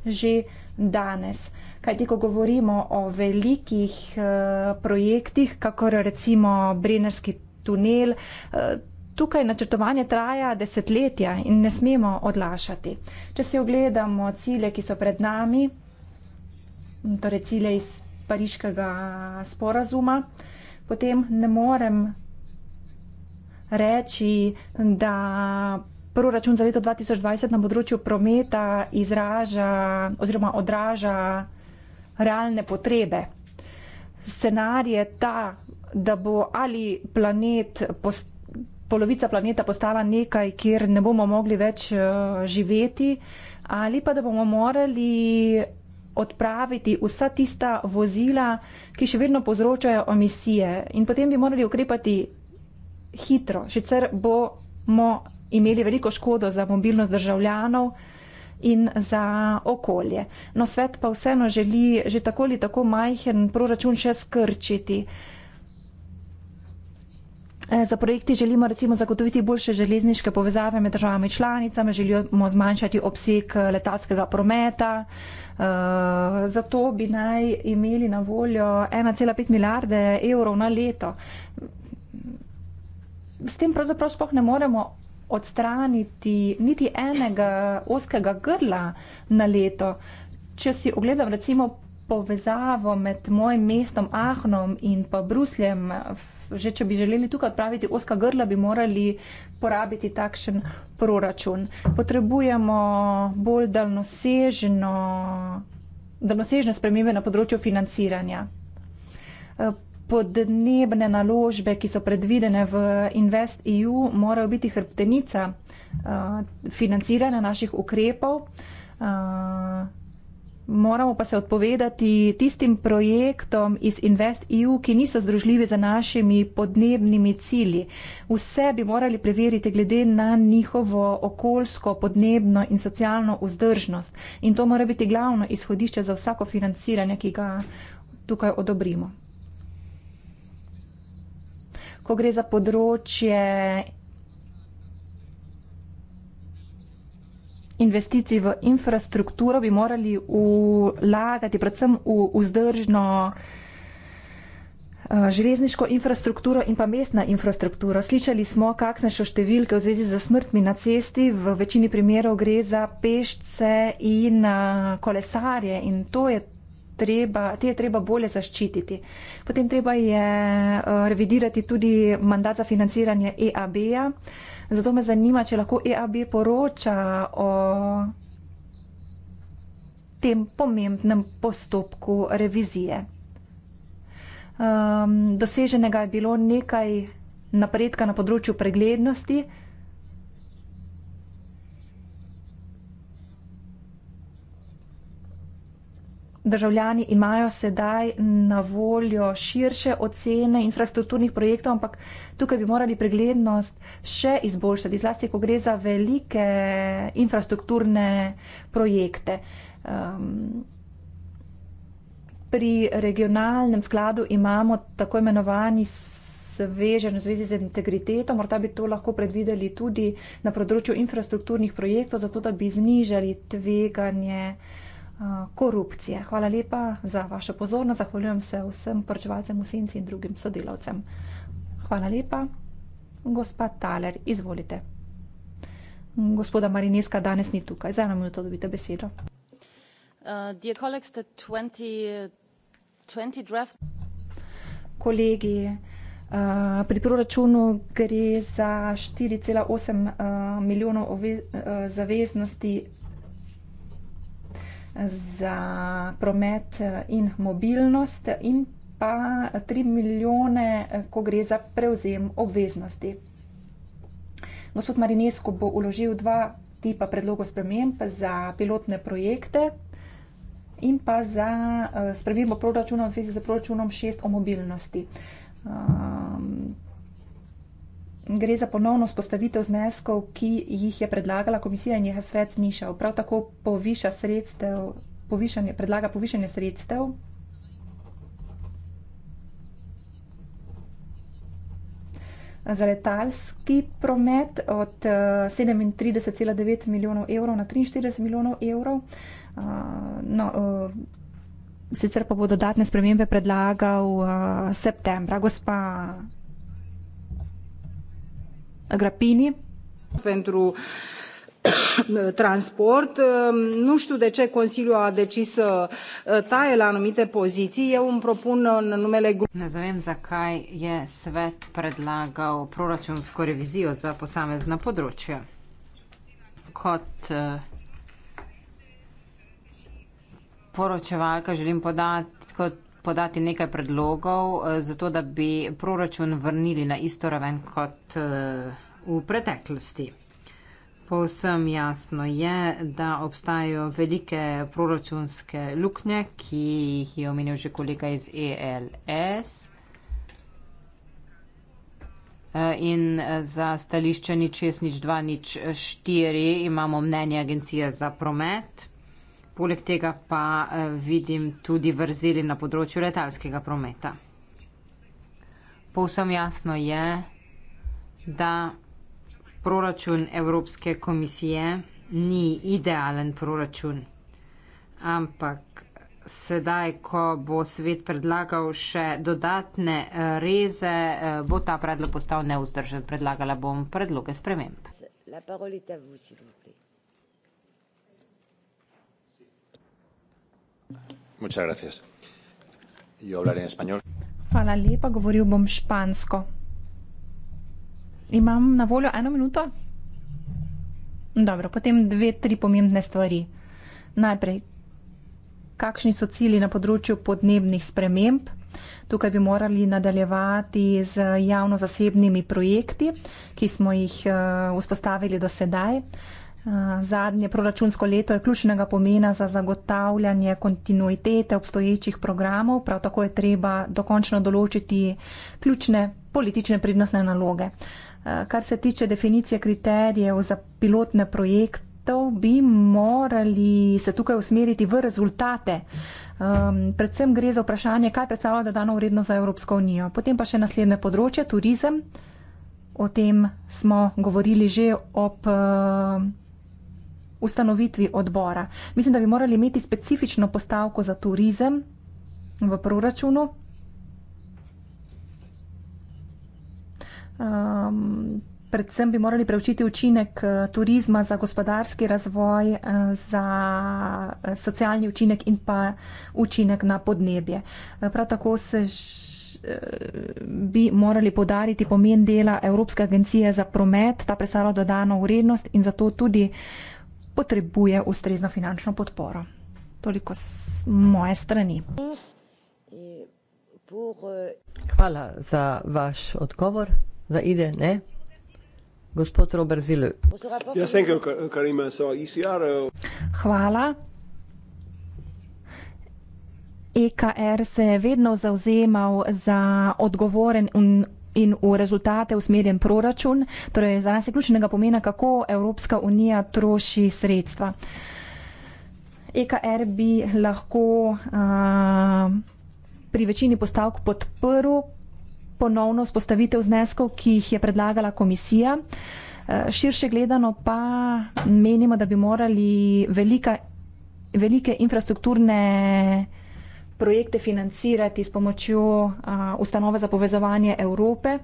že danes. Uh, Kajti, ko govorimo o velikih eh, projektih, kakor recimo Brenerski tunel, eh, tukaj načrtovanje traja desetletja in ne smemo odlašati. Če si ogledamo cilje, ki so pred nami, torej cilje iz pariškega sporazuma, potem ne morem reči, da proračun za leto 2020 na področju prometa izraža oziroma odraža realne potrebe. Scenarij je ta, da bo ali planet postavljen polovica planeta postala nekaj, kjer ne bomo mogli več eh, živeti, ali pa da bomo morali odpraviti vsa tista vozila, ki še vedno povzročajo emisije in potem bi morali ukrepati hitro, sicer bomo imeli veliko škodo za mobilnost državljanov in za okolje. No, svet pa vseeno želi že tako ali tako majhen proračun še skrčiti. Eh, za projekti želimo recimo zagotoviti boljše železniške povezave med državami članicami, želimo zmanjšati obseg eh, letalskega prometa. Eh, zato bi naj imeli na voljo 1,5 milijarde evrov na leto. S tem pravzaprav spoh ne moremo odstraniti niti enega oskega grla na leto. Če si ogledam recimo povezavo med mojim mestom Ahnom in pa Brusljem, že če bi želeli tukaj odpraviti oska grla, bi morali porabiti takšen proračun. Potrebujemo bolj daljnosežno, daljnosežne spremembe na področju financiranja podnebne naložbe, ki so predvidene v Invest EU, morajo biti hrbtenica uh, financiranja naših ukrepov. Uh, moramo pa se odpovedati tistim projektom iz Invest EU, ki niso združljivi za našimi podnebnimi cilji. Vse bi morali preveriti glede na njihovo okoljsko, podnebno in socialno vzdržnost. In to mora biti glavno izhodišče za vsako financiranje, ki ga tukaj odobrimo ko gre za področje investicij v infrastrukturo, bi morali vlagati predvsem v vzdržno eh, železniško infrastrukturo in pa mestna infrastruktura. Slišali smo, kakšne so številke v zvezi z smrtmi na cesti, v večini primerov gre za pešce in eh, kolesarje in to je treba, te je treba bolje zaščititi. Potem treba je eh, revidirati tudi mandat za financiranje EAB-ja. Zato me zanima, če lahko EAB poroča o tem pomembnem postopku revizije. Um, doseženega je bilo nekaj napredka na področju preglednosti. državljani imajo sedaj na voljo širše ocene infrastrukturnih projektov, ampak tukaj bi morali preglednost še izboljšati, zlasti, ko gre za velike infrastrukturne projekte. Um, pri regionalnem skladu imamo tako imenovani svežen v zvezi z integriteto, morda bi to lahko predvideli tudi na področju infrastrukturnih projektov, zato da bi znižali tveganje uh, korupcije. Hvala lepa za vašo pozornost, zahvaljujem se vsem poročevalcem v senci in drugim sodelavcem. Hvala lepa. Gospa Taler, izvolite. Gospoda Marineska danes ni tukaj, za eno minuto dobite besedo. Uh, Kolegi, uh, pri proračunu gre za 4,8 uh, milijonov zaveznosti za promet in mobilnost in pa 3 milijone, ko gre za prevzem obveznosti. Gospod Marinesko bo uložil dva tipa predlogov sprememb za pilotne projekte in pa za eh, spremembo proračuna v zvezi z proračunom 6 o mobilnosti. Ehm, gre za ponovno spostavitev zneskov, ki jih je predlagala komisija in jih je svet znišal. Prav tako poviša sredstev, povišanje, predlaga povišanje sredstev. Za letalski promet od 37,9 eh, milijonov evrov na 43 milijonov evrov. Eh, no, eh, sicer pa bo dodatne spremembe predlagal septembra. Gospa Grapini. Pentru eh, transport. Eh, nu știu de ce Consiliul a decis să eh, taie la anumite poziții. Eu îmi propun în numele grupului. Nazovem za kaj je svet predlagal proračunsko revizijo za posamezna področja. Kot poročevalka želim podati, kot podati nekaj predlogov, eh, zato da bi proračun vrnili na isto raven kot eh, v preteklosti. Povsem jasno je, da obstajajo velike proračunske luknje, ki jih je omenil že kolega iz ELS. Eh, in za stališče nič 6, nič 2, nič 4 imamo mnenje Agencije za promet. Poleg tega pa eh, vidim tudi vrzeli na področju letalskega prometa. Povsem jasno je, da proračun Evropske komisije ni idealen proračun, ampak sedaj, ko bo svet predlagal še dodatne eh, reze, eh, bo ta predlog postal neuzdržen. Predlagala bom predloge sprememb. La parole est à vous, s'il vous plaît. Muchas gracias. Yo hablaré en español. Hvala lepa, govoril bom špansko. Imam na voljo eno minuto? Dobro, potem dve, tri pomembne stvari. Najprej, kakšni so cilji na področju podnebnih sprememb? Tukaj bi morali nadaljevati z javno-zasebnimi projekti, ki smo jih uh, vzpostavili do sedaj. Uh, Eh, zadnje proračunsko leto je ključnega pomena za zagotavljanje kontinuitete obstoječih programov, prav tako je treba dokončno določiti ključne politične prednostne naloge. Eh, kar se tiče definicije kriterijev za pilotne projektov, bi morali se tukaj usmeriti v rezultate. Um, predvsem gre za vprašanje, kaj predstavlja dodano vrednost za Evropsko unijo. Potem pa še naslednje področje, turizem. O tem smo govorili že ob uh, ustanovitvi odbora. Mislim, da bi morali imeti specifično postavko za turizem v proračunu. Um, predvsem bi morali preučiti učinek eh, turizma za gospodarski razvoj, eh, za eh, socialni učinek in pa učinek na podnebje. Prav tako se bi morali podariti pomen dela Evropske agencije za promet, ta predstavlja dodano vrednost in zato tudi uh, potrebuje ustrezno finančno podporo. Toliko z moje strani. Hvala za vaš odgovor, za ide, ne? Gospod Robert Zilu. Jaz sem kaj, kar ima so ICR. E uh, Hvala. EKR se je vedno zauzemal za odgovoren in in v rezultate usmerjen proračun, torej za nas je ključnega pomena, kako Evropska unija troši sredstva. EKR er bi lahko a, pri večini postavk podprl ponovno spostavitev zneskov, ki jih je predlagala komisija. Širše gledano pa menimo, da bi morali velika, velike infrastrukturne projekte financirati s pomočjo ustanove za povezovanje Evrope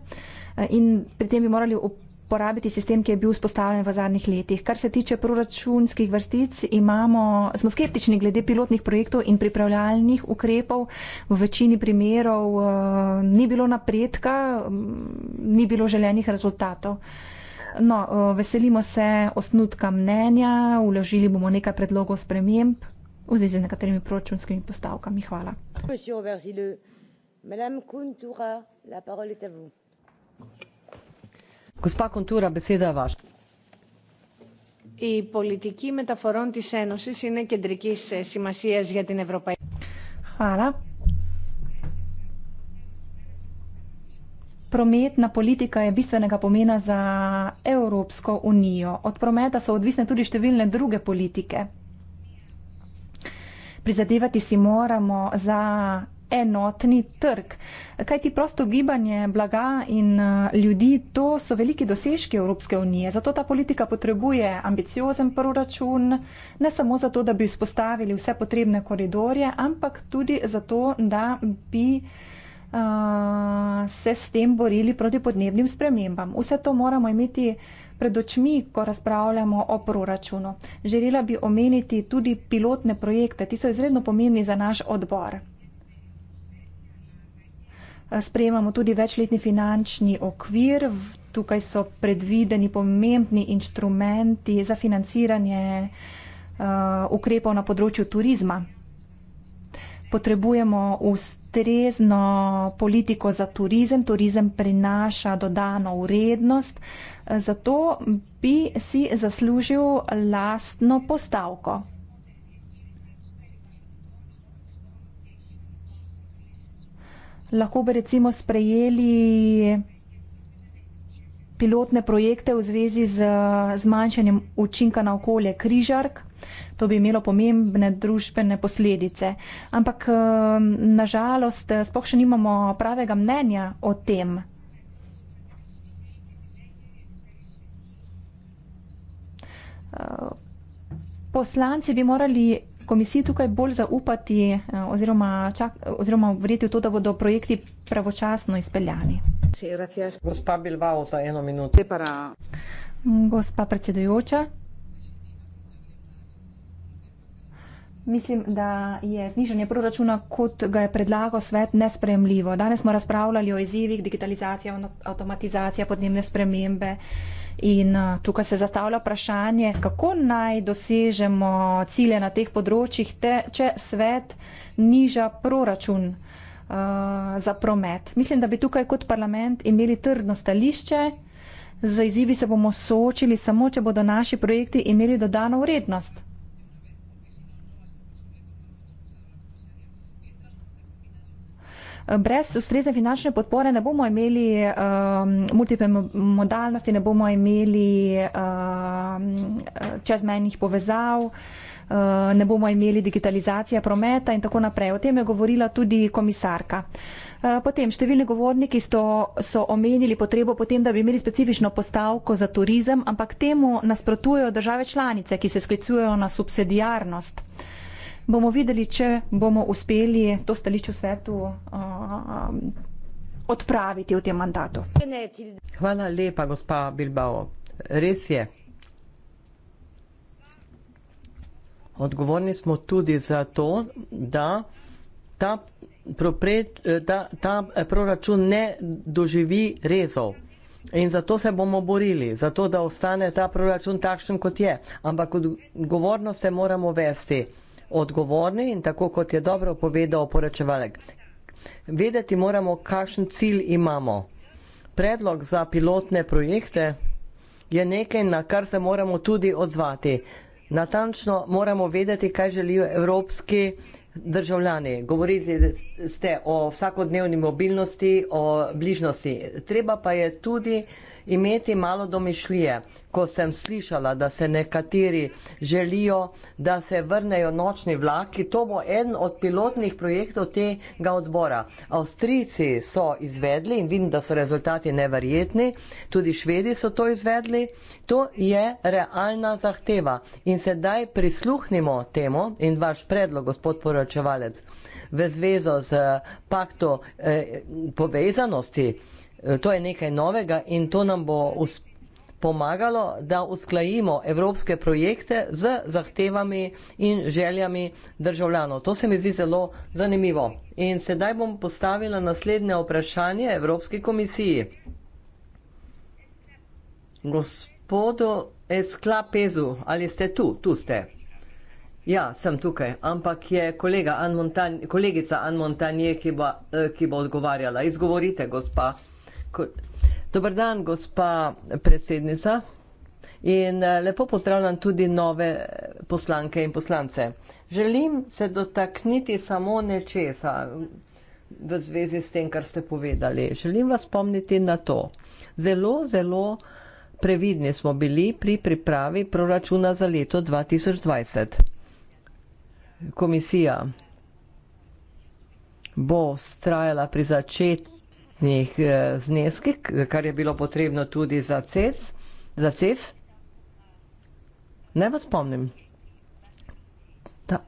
in pri tem bi morali uporabiti sistem, ki je bil vzpostavljen v zadnjih letih. Kar se tiče proračunskih vrstic, imamo, smo skeptični glede pilotnih projektov in pripravljalnih ukrepov. V večini primerov uh, ni bilo napredka, ni bilo želenih rezultatov. No, uh, veselimo se osnutka mnenja, uložili bomo nekaj predlogov sprememb v zvezi z nekaterimi proračunskimi postavkami. Hvala. Gospa Kontura, beseda je vaša. Hvala. Prometna politika je bistvenega pomena za Evropsko unijo. Od prometa so odvisne tudi številne druge politike prizadevati si moramo za enotni trg. Kaj ti prosto gibanje blaga in eh, ljudi, to so veliki dosežki Evropske unije. Zato ta politika potrebuje ambiciozen proračun, ne samo zato, da bi vzpostavili vse potrebne koridorje, ampak tudi zato, da bi uh, se s tem borili proti podnebnim spremembam. Vse to moramo imeti pred očmi, ko razpravljamo o proračunu. Želela bi omeniti tudi pilotne projekte, ti so izredno pomembni za naš odbor. Sprejemamo tudi večletni finančni okvir, tukaj so predvideni pomembni inštrumenti za financiranje eh, ukrepov na področju turizma. Potrebujemo ustrezno ustrezno politiko za turizem. Turizem prinaša dodano vrednost, eh, zato bi si zaslužil lastno postavko. Lahko bi recimo sprejeli pilotne projekte v zvezi z zmanjšanjem učinka na okolje križark, to bi imelo pomembne družbene posledice. Ampak ehm, nažalost, eh, spoh še nimamo pravega mnenja o tem. Eh, poslanci bi morali komisiji tukaj bolj zaupati eh, oziroma, čak, oziroma verjeti v to, da bodo projekti pravočasno izpeljani. Gospa Bilbao za eno minuto. Gospa predsedujoča. Mislim, da je znižanje proračuna, kot ga je predlagal svet, nespremljivo. Danes smo razpravljali o izzivih, digitalizacija, avtomatizacija, podnebne spremembe. In tukaj se zastavlja vprašanje, kako naj dosežemo cilje na teh področjih, te, če svet niža proračun uh, za promet. Mislim, da bi tukaj kot parlament imeli trdno stališče. Z izzivi se bomo soočili samo, če bodo naši projekti imeli dodano vrednost. brez ustrezne finančne podpore ne bomo imeli um, multiple modalnosti, ne bomo imeli um, čezmenjih povezav. Uh, ne bomo imeli digitalizacije prometa in tako naprej. O tem je govorila tudi komisarka. Uh, potem številni govorniki so, so omenili potrebo potem, da bi imeli specifično postavko za turizem, ampak temu nasprotujejo države članice, ki se sklicujejo na subsidijarnost. Uh, bomo videli, če bomo uspeli to stališče v svetu um, odpraviti v tem mandatu. Hvala lepa, gospa Bilbao. Res je. Odgovorni smo tudi za to, da ta, propred, da ta proračun ne doživi rezov. In zato se bomo borili, zato da ostane ta proračun takšen, kot je. Ampak odgovorno se moramo vesti odgovorni in tako kot je dobro povedal poročevalek, vedeti moramo, kakšen cilj imamo. Predlog za pilotne projekte je nekaj, na kar se moramo tudi odzvati. Natančno moramo vedeti, kaj želijo evropski državljani. Govorili ste o vsakodnevni mobilnosti, o bližnosti. Treba pa je tudi imeti malo domišljije, ko sem slišala, da se nekateri želijo, da se vrnejo nočni vlaki, to bo en od pilotnih projektov tega odbora. Avstrijci so izvedli in vidim, da so rezultati neverjetni, tudi švedi so to izvedli. To je realna zahteva in sedaj prisluhnimo temu in vaš predlog, gospod poročevalec, v zvezo z paktom eh, povezanosti. Eh, to je nekaj novega in to nam bo pomagalo, da usklajimo evropske projekte z zahtevami in željami državljanov. To se mi zdi zelo zanimivo. In sedaj bom postavila naslednje vprašanje Evropski komisiji. Gospodu Esklapezu, ali ste tu? Tu ste. Ja, sem tukaj, ampak je An Montan, kolegica Ann Montanje, ki, eh, ki bo odgovarjala. Izgovorite, gospa. Dobar dan, gospa predsednica. In eh, lepo pozdravljam tudi nove eh, poslanke in poslance. Želim se dotakniti samo nečesa v zvezi s tem, kar ste povedali. Želim vas spomniti na to. Zelo, zelo previdni smo bili pri pripravi proračuna za leto 2020. Komisija bo strajala pri začetku znatnih eh, zneskih, kar je bilo potrebno tudi za CEC, e za CEFS. Ne vas spomnim. Ta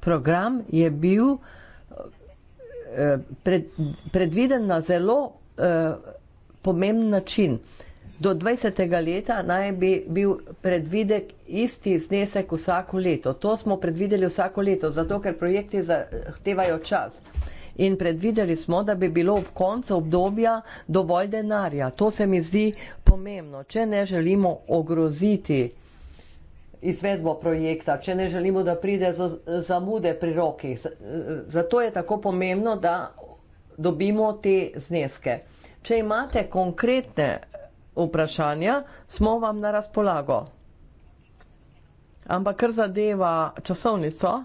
program je bil eh, pred, predviden na zelo eh, pomemben način. Do 20. leta naj bi bil predvidek isti znesek vsako leto. To smo predvideli vsako leto, zato ker projekti zahtevajo čas. Uh, in predvideli smo, da bi bilo ob koncu obdobja dovolj denarja. To se mi zdi pomembno. Če ne želimo ogroziti izvedbo projekta, če ne želimo, da pride zamude pri roki. Zato je tako pomembno, da dobimo te zneske. Če imate konkretne vprašanja, smo vam na razpolago. Ampak kar zadeva časovnico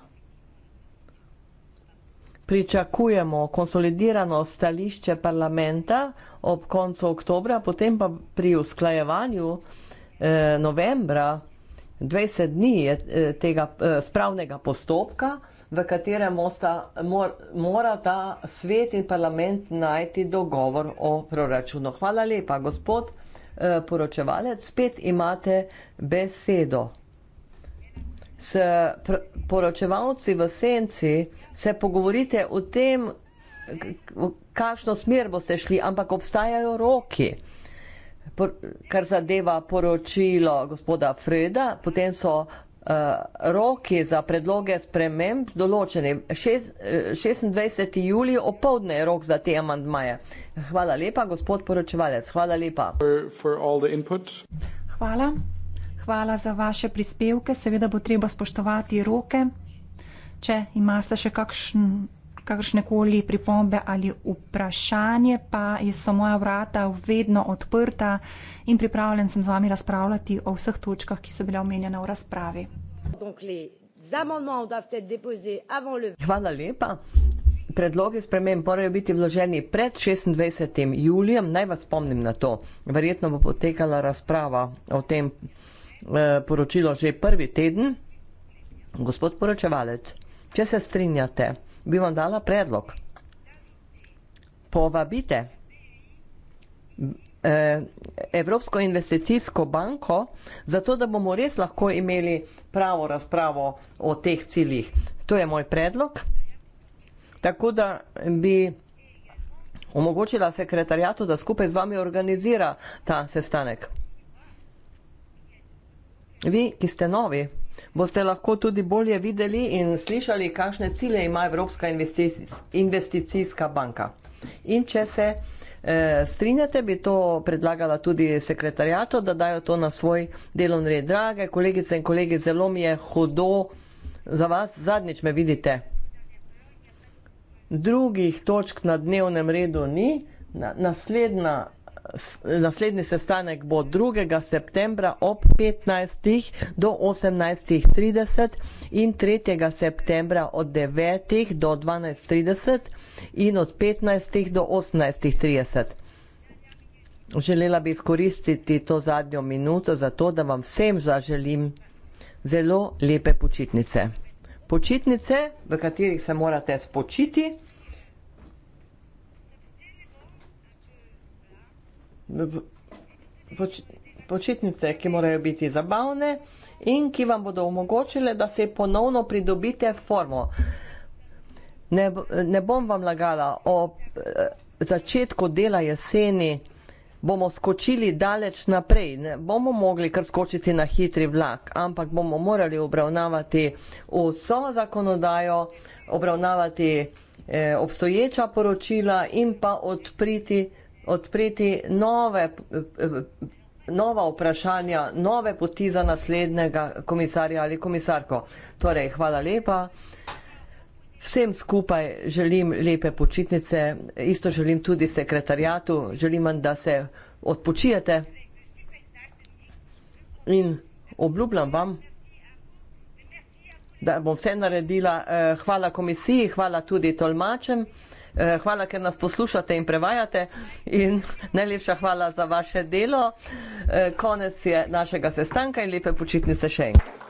pričakujemo konsolidirano stališče parlamenta ob koncu oktobra, potem pa pri usklajevanju eh, novembra 20 dni je, eh, tega eh, spravnega postopka, v katerem mora, mora ta svet in parlament najti dogovor o proračunu. Hvala lepa, gospod eh, poročevalec, spet imate besedo s poročevalci v senci, se pogovorite o tem, kakšno smer boste šli, ampak obstajajo roki. Por, kar zadeva poročilo gospoda Freda, potem so uh, roki za predloge sprememb določeni. Šest, 26. julij opovdne je rok za te amandmaje. Hvala lepa, gospod poročevalec. Hvala lepa. For, for Hvala hvala za vaše prispevke. Seveda bo treba spoštovati roke. Če imate še kakšen, kakršnekoli pripombe ali vprašanje, pa so moja vrata vedno odprta in pripravljen sem z vami razpravljati o vseh točkah, ki so bile omenjene v razpravi. Hvala lepa. Predloge sprememb morajo biti vloženi pred 26. julijem. Naj vas spomnim na to. Verjetno bo potekala razprava o tem. Eh, poročilo že prvi teden. Gospod poročevalec, če se strinjate, bi vam dala predlog. Povabite eh, Evropsko investicijsko banko, zato da bomo res lahko imeli pravo razpravo o teh ciljih. To je moj predlog. Tako da bi omogočila sekretarjatu, da skupaj z vami organizira ta sestanek. Vi, ki ste novi, boste lahko tudi bolje videli in slišali, kakšne cilje ima Evropska investicijska banka. In če se eh, strinjate, bi to predlagala tudi sekretarjato, da dajo to na svoj delovni red. Drage kolegice in kolegi, zelo mi je hudo za vas, zadnjič me vidite. Drugih točk na dnevnem redu ni. Na, naslednja naslednji sestanek bo 2. septembra ob 15. do 18.30 in 3. septembra od 9. do 12.30 in od 15. do 18.30. Želela bi izkoristiti to zadnjo minuto za to, da vam vsem zaželim zelo lepe počitnice. Počitnice, v katerih se morate spočiti. počitnice, ki morajo biti zabavne in ki vam bodo omogočile, da se ponovno pridobite formo. Ne, ne bom vam lagala, ob eh, začetku dela jeseni bomo skočili daleč naprej. Ne bomo mogli kar skočiti na hitri vlak, ampak bomo morali obravnavati vso zakonodajo, obravnavati eh, obstoječa poročila in pa odpriti odpreti nove, nova vprašanja, nove poti za naslednjega komisarja ali komisarko. Torej, hvala lepa. Vsem skupaj želim lepe počitnice, isto želim tudi sekretarjatu, želim vam, da se odpočijete in obljubljam vam, da bom vse naredila. Eh, hvala komisiji, hvala tudi tolmačem. Eh, hvala, ker nas poslušate in prevajate in najlepša hvala za vaše delo. Eh, konec je našega sestanka in lepe počitnice še enkrat.